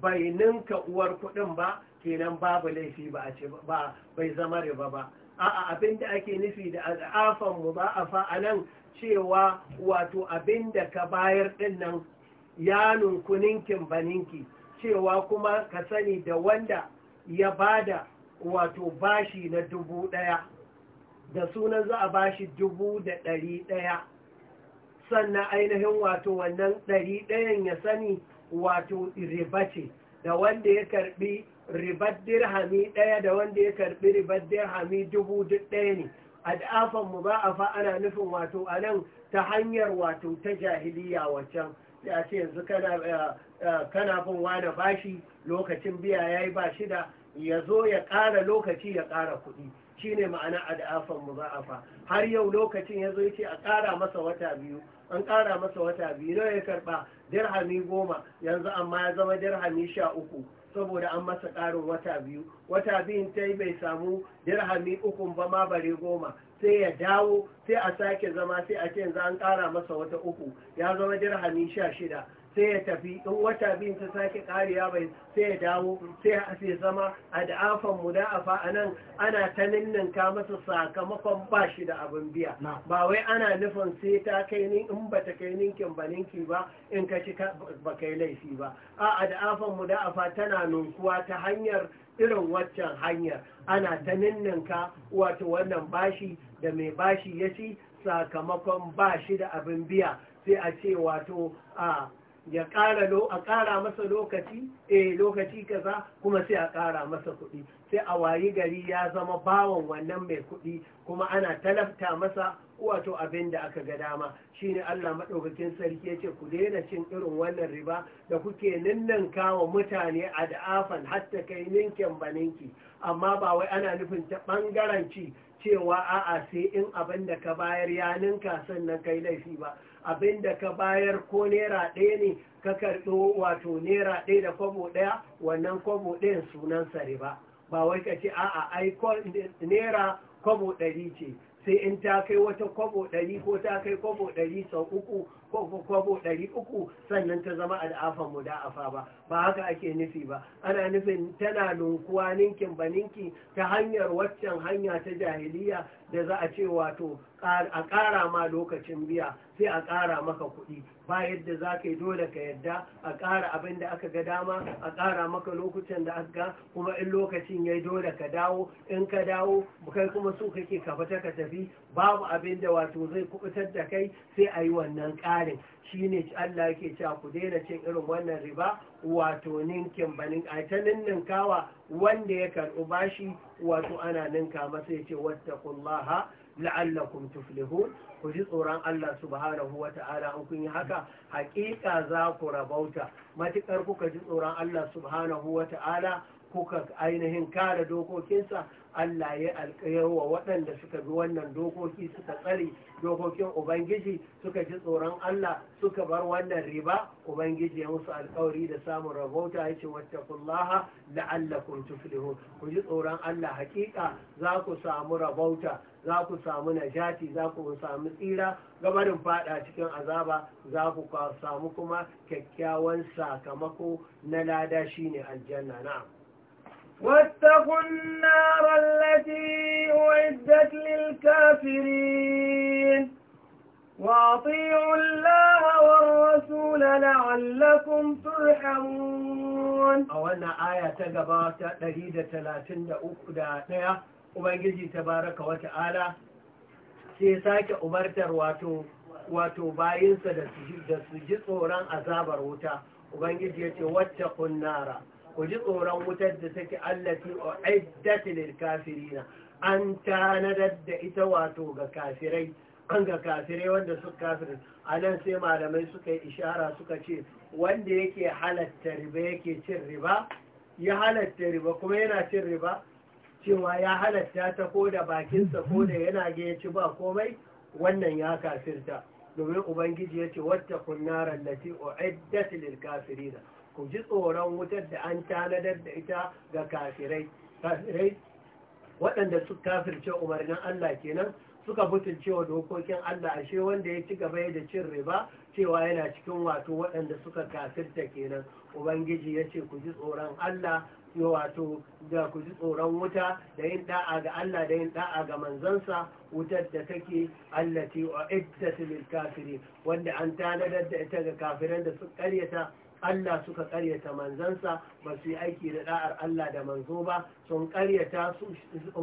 bai ninka uwar kuɗin ba kenan babu laifi ba a ce ba bai zama riba ba a'a abin da ake nufi da azafan a anan cewa wato abin da ka bayar ɗin nan ya nunkuninkin baninki cewa kuma ka sani da wanda ya bada wato bashi na dubu ɗaya da sunan za a bashi dubu da ɗari ɗaya sannan ainihin wato wannan ɗari ɗayan ya sani wato riba ce da wanda ya karbi ribar dirhami ɗaya da wanda ya karbi ribar dirhami dubu duk ɗaya ne ad'afan mu ba a fa ana nufin wato a nan ta hanyar wato ta jahiliya wacan sai ce yanzu kana eh, eh, bin wani bashi lokacin biya ya yi bashi da ya zo ya ƙara lokaci ya ƙara kuɗi shi ne ma'ana adafan za'afa har yau lokacin ya zo ya ce a ƙara masa wata biyu an ƙara masa wata biyu nawa ya karɓa dirhami goma yanzu amma ya zama dirhami sha uku saboda an masa ƙarin wata biyu wata biyun ta yi bai samu dirhami ukun ba ma bare goma sai ya dawo sai a sake zama sai a ce yanzu an ƙara masa wata uku ya zama dirhami sha shida sai ya tafi in wata biyun ta sake kariya bai sai ya dawo sai ya ase zama a da'afan mu da'afa a nan ana ta ninninka masa sakamakon ba da abin biya ba wai ana nufin sai ta kai ni in ba ta kai ninkin ba ninki ba in ka ci ba kai laifi ba a da'afan mu da'afa tana nunkuwa ta hanyar irin waccan hanyar ana ta ninninka wato wannan bashi da mai bashi ya ci sakamakon ba shi da abin biya sai a ce wato a ya ƙara lo a ƙara masa lokaci eh lokaci kaza kuma sai a ƙara masa kuɗi sai a wayi gari ya zama bawan wannan mai kuɗi kuma ana talafta masa wato abin da aka ga dama shine Allah maɗaukakin sarki yace ku daina cin irin wannan riba da kuke ninninka wa mutane a da'afan hatta kai ninkin baninki amma ba wai ana nufin ta ɓangaren cewa a'a sai in abin da ka bayar ya ninka sannan kai laifi ba abin da ka bayar ko naira ɗaya ne ka karɗo wato naira ɗaya da kwabo ɗaya wannan kwabo ɗayan sunansa sare ba ba wai ka ce a'a ai naira kwabo ɗari ce sai in ta kai wata kwabo ɗari ko ta kai kwabo ɗari sau uku ko kwabo ɗari uku sannan ta zama al'afan mu da'afa ba ba haka ake nufi ba ana nufin tana lunkuwa ninkin ba ninki ta hanyar waccan hanya ta jahiliya da za a ce wato a ƙara ma lokacin biya sai a ƙara maka kuɗi ba yadda za ka yi dole ka yadda a ƙara abin da aka ga dama a ƙara maka lokutan da aka ga kuma in lokacin ya yi dole ka dawo in ka dawo kai kuma su kake ka fita ka tafi babu abin da wato zai kubutar da kai sai a yi wannan ƙarin shi ne Allah yake cewa ku daina cin irin wannan riba wato ninkin banin a ta ninninkawa wanda ya karɓi bashi wato ana ninka masa ya ce wata kullaha la'allakum tuflihun ku ji tsoron Allah subhanahu wa ta'ala an kun yi haka haƙiƙa za ku rabauta matukar kuka ji tsoron Allah subhanahu wa ta'ala kuka ainihin kare dokokinsa Allah ya wa waɗanda suka bi wannan dokoki suka tsare dokokin Ubangiji suka ji tsoron Allah suka bar wannan riba Ubangiji ya musu alƙawari da samun rabauta ya ce wattaqullaha la'allakum tuflihun ku ji tsoron Allah hakika za ku samu rabauta za ku samu najati za ku samu tsira gabarin fada cikin azaba za ku samu kuma kyakkyawan sakamako na lada shine aljanna na'am واتقوا النار التي أعدت للكافرين وأطيعوا الله والرسول لعلكم ترحمون أولنا آية تقبارت تهيدة ثلاثين أخدا أبنجي تبارك وتعالى سيساك أبرتر واتو واتو باينسا دسجد سوران أزابر وتا أبنجي يتوتقوا النار ku ji tsoron wutar da take allati uiddat lil kafirina an tanadar da ita wato ga kafirai an ga kafirai wanda suka kafir a nan sai malamai suka yi ishara suka ce wanda yake halatta riba yake cin riba ya halatta riba kuma yana cin riba cewa ya halatta ta ko da bakinsa ko da yana ga ya ci ba komai wannan ya kafirta domin ubangiji yace ce wata kunnarar lati o'iddat lil kafirina ku ji tsoron wutar da an tanadar da ita ga kafirai kafirai waɗanda su kafirce umarnin Allah kenan suka butulce wa dokokin Allah ashe wanda ya ci gaba da cin riba cewa yana cikin wato waɗanda suka kafirta kenan ubangiji ya ce ku ji tsoron Allah wato da ku ji tsoron wuta da yin da'a ga Allah da yin da'a ga manzansa wutar da take allati wa iddat kafiri, wanda an tanadar da ita ga kafiran da su ƙaryata. Allah suka karyata manzansa ba su yi aiki da da'ar Allah da manzo ba sun karyata su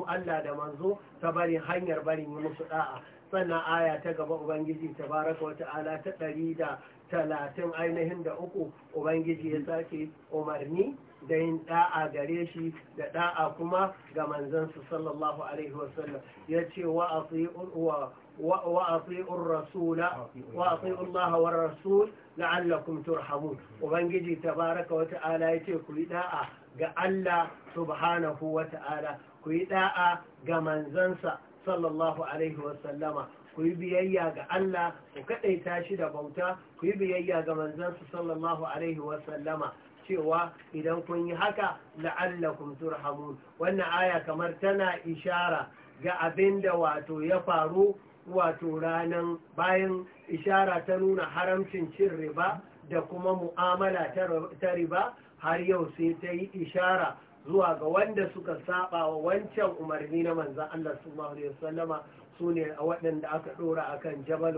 Allah da manzo ta barin hanyar barin yi musu da'a sannan aya ta gaba ubangiji ta baraka wata ala ta ɗari da talatin ainihin da uku ubangiji ya sake umarni da yin da'a gare shi da da'a kuma ga manzansa sallallahu alaihi wasallam ya ce wa وأطيعوا الرسول وأطيعوا الله والرسول لعلكم ترحمون وبنجي تبارك وتعالى يتيكوا إداء قال سبحانه وتعالى كإداء قمن زنسى صلى الله عليه وسلم ku yi biyayya ga Allah ku kaɗaita shi da bauta ku yi biyayya ga manzansu sallallahu alaihi sallama cewa idan kun yi haka la'allakum turhamun wannan aya kamar tana ishara ga abin da wato ya faru wato ranan bayan ishara ta nuna haramcin cin riba da kuma mu'amala ta riba har yau sai ta yi ishara zuwa ga wanda suka saba wa wancan umarni na manzan Allah sallallahu alaihi sallama su ne waɗanda aka ɗora a akan jabal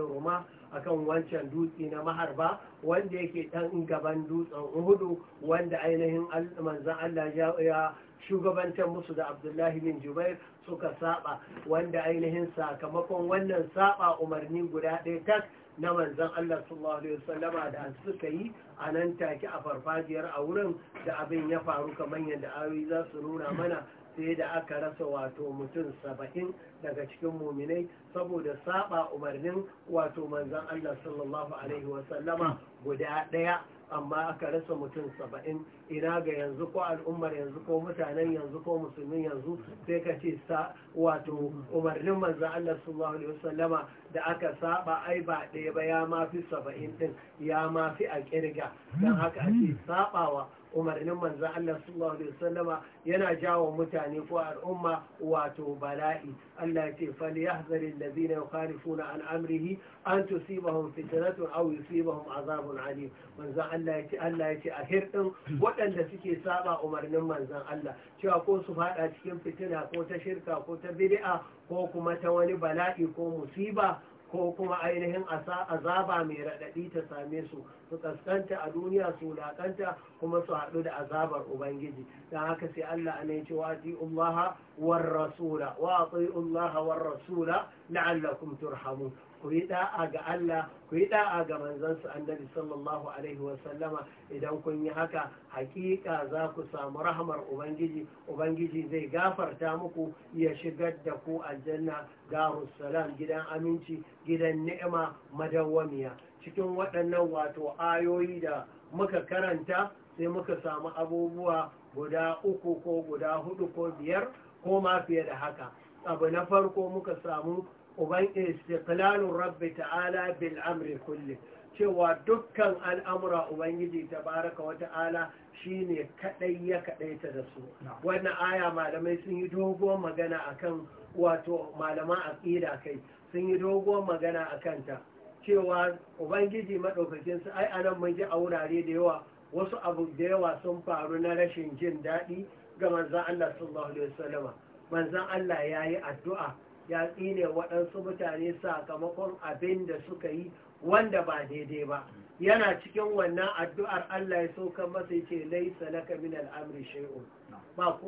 a kan wancan dutse na maharba wanda yake ɗan gaban dutsen hudu wanda ainihin manzan Allah ya shugabantar musu da abdullahi bin jubair suka saba wanda ainihin sakamakon wannan saba umarni guda ɗaya tak na manzan Allah sallallahu Alaihi wasallama da suka yi a nan take a farfajiyar a wurin da abin ya faru kamar yadda ayoyi za su nuna mana sai da aka rasa wato mutum saba'in daga cikin muminai saboda saba umarnin wato manzan Allah sallallahu Alaihi wasallama guda ɗaya amma aka rasa mutum saba'in ina ga yanzu ko al'ummar yanzu ko mutanen yanzu ko musulmin yanzu sai ka ce sa wato umarnin manzan Allah sallallahu alaihi wasallama da aka saba ai ba ɗaya ba ya mafi saba'in din ya mafi a ƙirga don haka ake sabawa umarnin manzan Allah sallallahu alaihi wasallama yana jawo mutane ko al'umma wato bala'i Allah ce falyahzari allazina yukhalifuna an amrihi an tusibahum fitnatun aw yusibahum azabun alim manzan Allah yace Allah yace a hirdin waɗanda suke saba umarnin manzan Allah cewa ko su fada cikin fitina ko ta shirka ko ta bid'a ko kuma ta wani bala'i ko musiba ko kuma ainihin azaba mai raɗaɗi ta same su su kaskanta a duniya su wulaƙanta kuma su haɗu da azabar ubangiji don haka sai Allah ana ce wa ati ullaha war rasula wa ati ullaha war rasula la'allakum turhamun ku yi da'a ga Allah ku yi da'a ga manzansa annabi sallallahu alaihi wa sallama idan kun yi haka hakika za ku samu rahmar ubangiji ubangiji zai gafarta muku ya shigar da ku aljanna ga salam gidan aminci gidan ni'ima madawwamiya cikin waɗannan wato ayoyi da muka karanta sai muka samu abubuwa guda uku ko guda hudu ko biyar ko ma fiye da haka abu na farko muka samu uban istiqlalur rabbi ta'ala bil amri kulli cewa dukkan al'amura ubangiji ta tabaraka wa ta'ala shine kadai ya kaɗaita da su wannan aya malamai sun yi doguwar magana akan wato malaman aqida kai sun yi doguwar magana akan ta cewa ubangiji madaukakin su ai anan mun ji a wurare da yawa wasu abu da yawa sun faru na rashin jin daɗi ga manzan Allah sallallahu alaihi wasallama manzan Allah ya yi addu'a ya ne waɗansu mutane sakamakon abin da suka yi wanda ba daidai ba yana cikin wannan addu'ar Allah ya sauka masa ya ce laisa laka min al'amri shay'un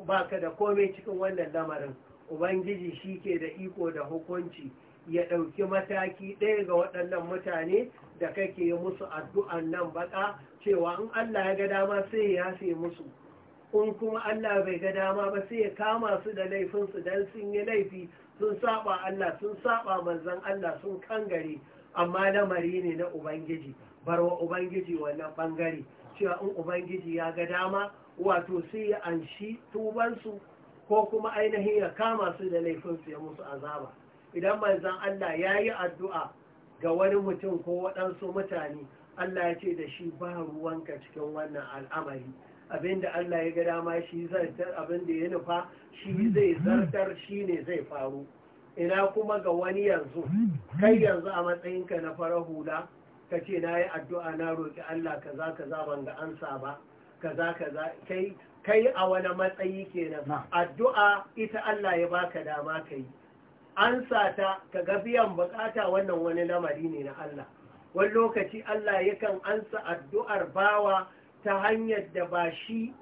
ba ka da komai cikin wannan lamarin ubangiji shi ke da iko da hukunci ya ɗauki mataki ɗaya ga waɗannan mutane da kake musu addu'an nan baƙa cewa in Allah ya ga dama sai ya fi musu in kuma Allah bai ga dama ba sai ya kama su da laifinsu don sun yi laifi sun saba Allah sun saba manzan Allah sun kangare amma lamari ne na ubangiji barwa ubangiji wannan bangare cewa in ubangiji ya ga dama wato sai ya anshi tubansu ko kuma ainihin ya kama su da laifinsu ya musu azaba idan manzan Allah ya yi addu'a ga wani mutum ko waɗansu mutane Allah ya ce da shi ba ruwanka cikin wannan al'amari abinda Allah ya ga dama shi abin abinda ya nufa shi zai zartar shi ne zai faru ina kuma ga wani yanzu kai yanzu a matsayinka na fara hula ka ce na yi addu'a na roƙi Allah kaza kaza ban ga ansa ba kaza kaza kai kai a wani matsayi kenan addu'a ita Allah ya baka dama ka yi. ansa ta ka ga biyan bukata wannan wani lamari ne na Allah wani lokaci Allah yakan ansa addu'ar bawa ta hanyar da ba shi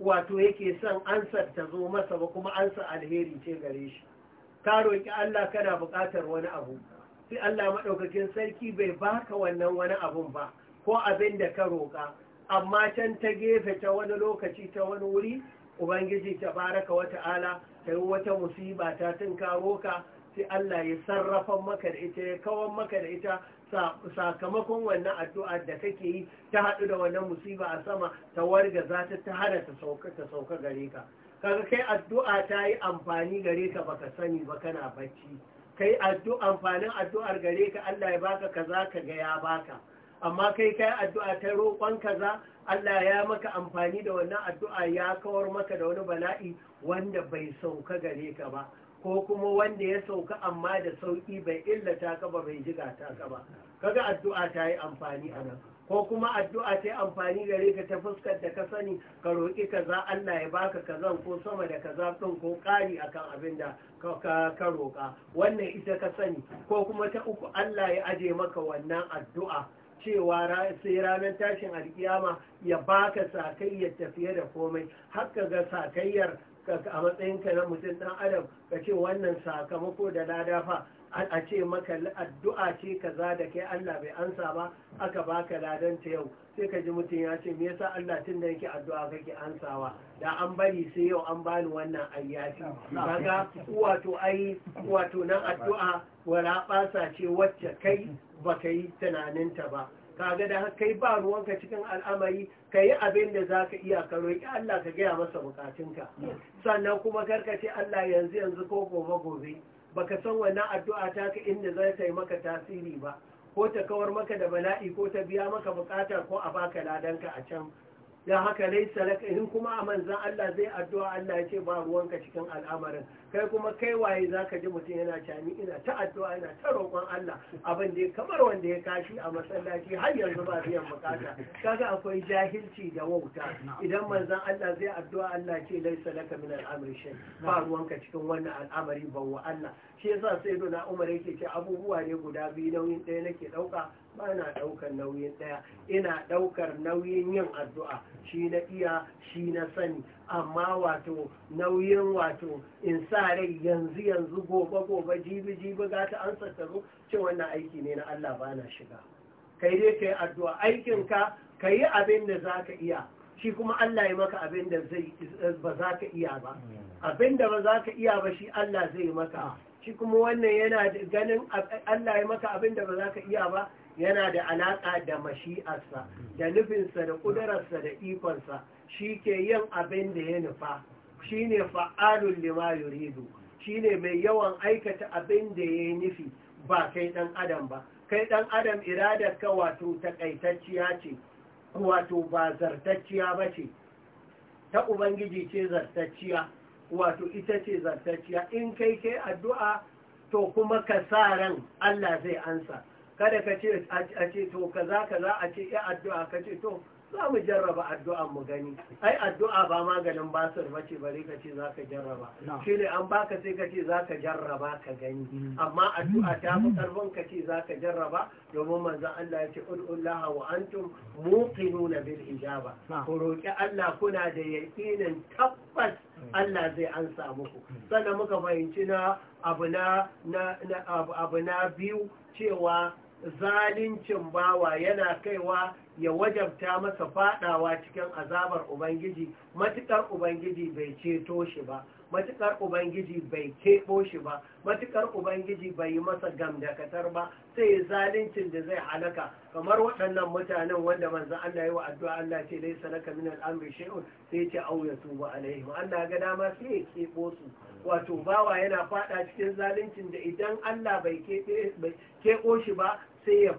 wato yake son ansar ta zo masa ba kuma ansa alheri ce gare shi ka roƙi Allah kana buƙatar wani abu sai Allah maɗaukakin sarki bai baka wannan wani abun ba ko abin da ka roƙa amma can ta gefe ta wani lokaci ta wani wuri ubangiji ta baraka wata'ala ta yi wata musiba ta tun karo ka sai Allah ya sarrafa maka da ita ya kawar maka da ita sakamakon wannan addu'a da kake yi ta haɗu da wannan musiba a sama ta warga za ta ta hada ta sauka ta sauka gare ka kaga kai addu'a ta yi amfani gare ka baka sani ba kana bacci kai addu'a amfanin addu'ar gare ka Allah ya baka kaza ka ga ya baka amma kai kai addu'a ta roƙon kaza Allah ya maka amfani da wannan addu'a ya kawar maka da wani bala'i wanda bai sauka gare ka ba ko kuma wanda ya sauka amma da sauƙi bai illata ka ba bai jiga ta ka ba kaga addu'a ta yi amfani a nan ko kuma addu'a ta yi amfani gare ka ta fuskar da ka sani ka roƙi kaza Allah ya baka kazan ko sama da kaza ɗin ko ƙari akan abin da ka roƙa wannan ita ka sani ko kuma ta uku Allah ya aje maka wannan addu'a cewa sai ranar tashin alkiyama ya baka sakayyar tafiye da komai haka ga sakayyar a ka na mutum ɗan adam ka ce wannan sakamako da lada fa a ce maka addu'a ce kaza da kai Allah bai ansa ba aka baka ladan ta yau sai ka ji mutum ya ce me yasa Allah tun da yake addu'a kake ansawa da an bari sai yau an bani wannan ayyafi kaga wato ai wato nan addu'a wala basa ce wacce kai baka yi tunaninta ba kaga da kai ba ruwanka cikin al'amari ka yi abin da za ka iya karo roƙi Allah ka gaya masa bukatunka sannan kuma karka ce Allah yanzu yanzu ko gobe gobe baka san wannan addu'a ta ka inda za ta yi maka tasiri ba ko ta kawar maka da bala'i ko ta biya maka bukata ko a baka ladanka a can don haka dai salaka in kuma a manzan Allah zai addu'a Allah ya ce ba ruwanka cikin al'amarin kai kuma kai waye zaka ji mutum yana cani ina ta addu'a ina ta roƙon Allah abin da kamar wanda ya kashi a masallaci har yanzu ba biyan bukata kaga akwai jahilci da wauta idan manzan Allah zai addu'a Allah ya ce laisa laka min al'amri shay ba ruwanka cikin wannan al'amari wa Allah shi yasa sai dona Umar yake ce abubuwa ne guda biyu nauyin ɗaya nake ɗauka ba na ɗaukar nauyin ɗaya ina ɗaukar nauyin yin addu'a shi na iya shi na sani amma wato nauyin wato in sa rai yanzu yanzu gobe gobe jibi jibi ga ta an sassaro ce wannan aiki ne na Allah ba na shiga kai dai ka yi addu'a aikinka ka yi abin da za ka iya shi kuma Allah ya maka abin da ba za ka iya ba abin da ba za ka iya ba shi Allah zai maka shi kuma wannan yana ganin Allah ya maka abin da ba za ka iya ba yana da alaƙa da mashi'arsa da nufinsa da ƙudurarsa da ikonsa shi ke yin abin da ya nufa shi ne fa'alun lima yuridu shi ne mai yawan aikata abin da ya nufi ba kai ɗan adam ba kai ɗan adam iradarka wato taƙaitacciya ce wato ba zartacciya ba ce ta ubangiji ce zartacciya wato ita ce zartacciya in kai kai addu'a to kuma ka sa ran Allah zai ansa kada ka ce a ce to kaza kaza a ce ya addu'a ka ce to za mu jarraba addu'a mu gani ai addu'a ba maganin basir ba ce bare ka ce za ka jarraba shi ne an baka sai ka ce za ka jarraba ka gani mm. amma addu'a mm. ta fi karfin mm. ka ce za ka jarraba domin manzo Allah ya ce ud'ullaha wa antum muqinuna bil hijaba ku roki Allah kuna da yaqinin tabbas Allah zai ansa muku sannan muka fahimci na abu na abu na biyu cewa zalincin bawa yana kaiwa ya wajabta masa fadawa cikin azabar ubangiji matukar ubangiji bai ceto shi ba matukar ubangiji bai keɓo shi ba matukar ubangiji bai yi masa gamdakatar ba sai zalincin da zai halaka kamar waɗannan mutanen wanda manzan Allah yi wa addu'a Allah ce dai sanaka min al'amri shay'un sai ce au ya tuba alaihim Allah ga dama sai ya keɓo su wato bawa yana fada cikin zalincin da idan Allah bai keɓo shi ba sai ya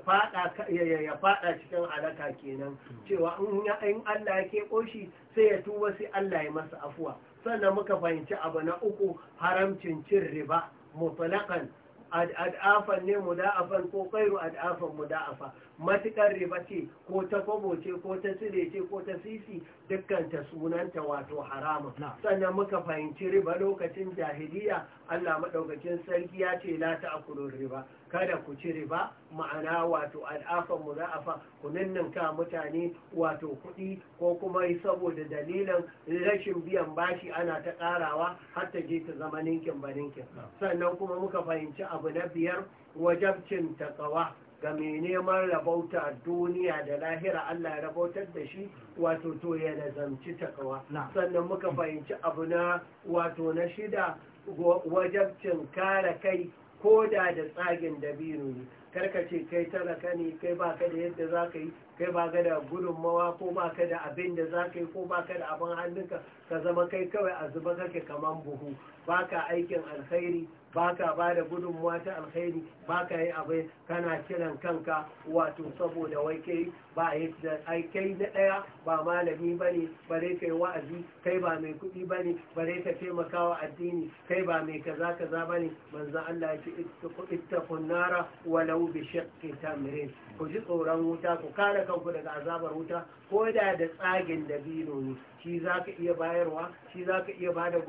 fada cikin alaka kenan cewa in Allah ya keɓo shi sai ya tuba sai Allah ya masa afuwa sannan muka fahimci abu na uku haramcin cin riba mutlaƙan ad'afan ne muda'afan ko kairu ad'afan muda'afa matukar riba ce ko ta kobo ce ko ta sile ce ko ta sisi dukkanta sunanta wato harama sannan muka fahimci riba lokacin jahiliya Allah madaukakin sarki ya ce la akulu riba kada ku ci ba ma'ana wato al'afa muza'afa ku ninninka mutane wato kuɗi ko kuma saboda dalilan rashin biyan bashi ana ta ƙarawa har ta je ta zama ninkin ba ninkin sannan kuma muka fahimci abu na biyar wajabcin takawa ga mai neman rabauta duniya da lahira Allah ya rabautar da shi wato to ya nazamci takawa sannan muka fahimci abu na wato na shida wajabcin kare kai ko da da tsagin dabino ne karka ce kai talaka ne kai baka da yadda za ka yi kai ba ka da gudunmawa ko ba ka da abin da za ka yi ko ba ka da abin hannunka ka zama kai kawai a zuba kake kamar buhu ba ka aikin alkhairi ba ka ba da gudunmawa ta alkhairi ba ka yi abin kana kiran kanka wato saboda wai kai ba kai na ɗaya ba malami ba ne bare kai wa'azi kai ba mai kuɗi ba ne bare ka taimakawa addini kai ba mai kaza kaza ba ne manzo Allah ya ce ittaqun nara walau bi shaqqi tamrin ku ji tsoron wuta ku kare kanku daga azabar wuta ko da da tsagin dabino ne shi za ka iya bayarwa shi za ka iya ba da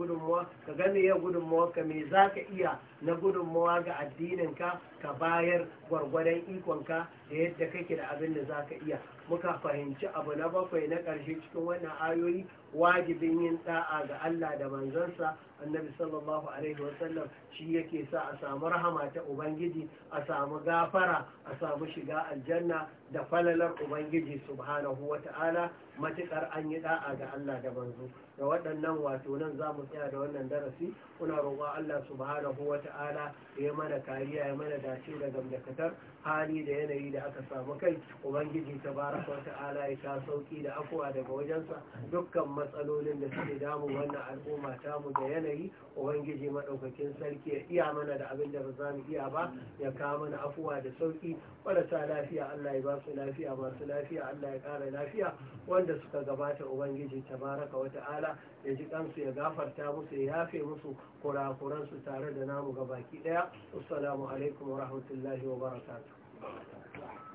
ka gane ya gudunmuwa ka me za ka iya na gudunmuwa ga addininka ka bayar gwargwadon ikonka da yadda kake da abin da za ka iya muka fahimci abu na bakwai na ƙarshe cikin wannan ayoyi wajibin yin da'a ga Allah da manzansa annabi sallallahu alaihi wasallam shi yake sa a samu rahama ta ubangiji a samu gafara a samu shiga aljanna da falalar ubangiji subhanahu wa ta'ala matuƙar an yi da'a ga Allah da banzu da waɗannan wato nan za mu tsaya da wannan darasi kuna roƙon Allah subhanahu wa ta'ala ya mana kariya ya mana dace daga gamdakatar hali da yanayi da aka samu kai ubangiji tabaraka wa ta'ala ya ta sauki da afuwa daga wajensa dukkan matsalolin da suke damu wannan al'umma tamu da yanayi ubangiji madaukakin sarki ya iya mana da abin da ba za mu iya ba ya kawo mana afuwa da sauki marasa lafiya Allah ya ba su lafiya masu lafiya Allah ya ƙara lafiya wanda suka gabata ubangiji tabaraka wa ta'ala ya ji kansu ya gafarta musu ya yafe musu kurakuran su tare da namu gabaki daya assalamu alaikum wa rahmatullahi wa barakatuh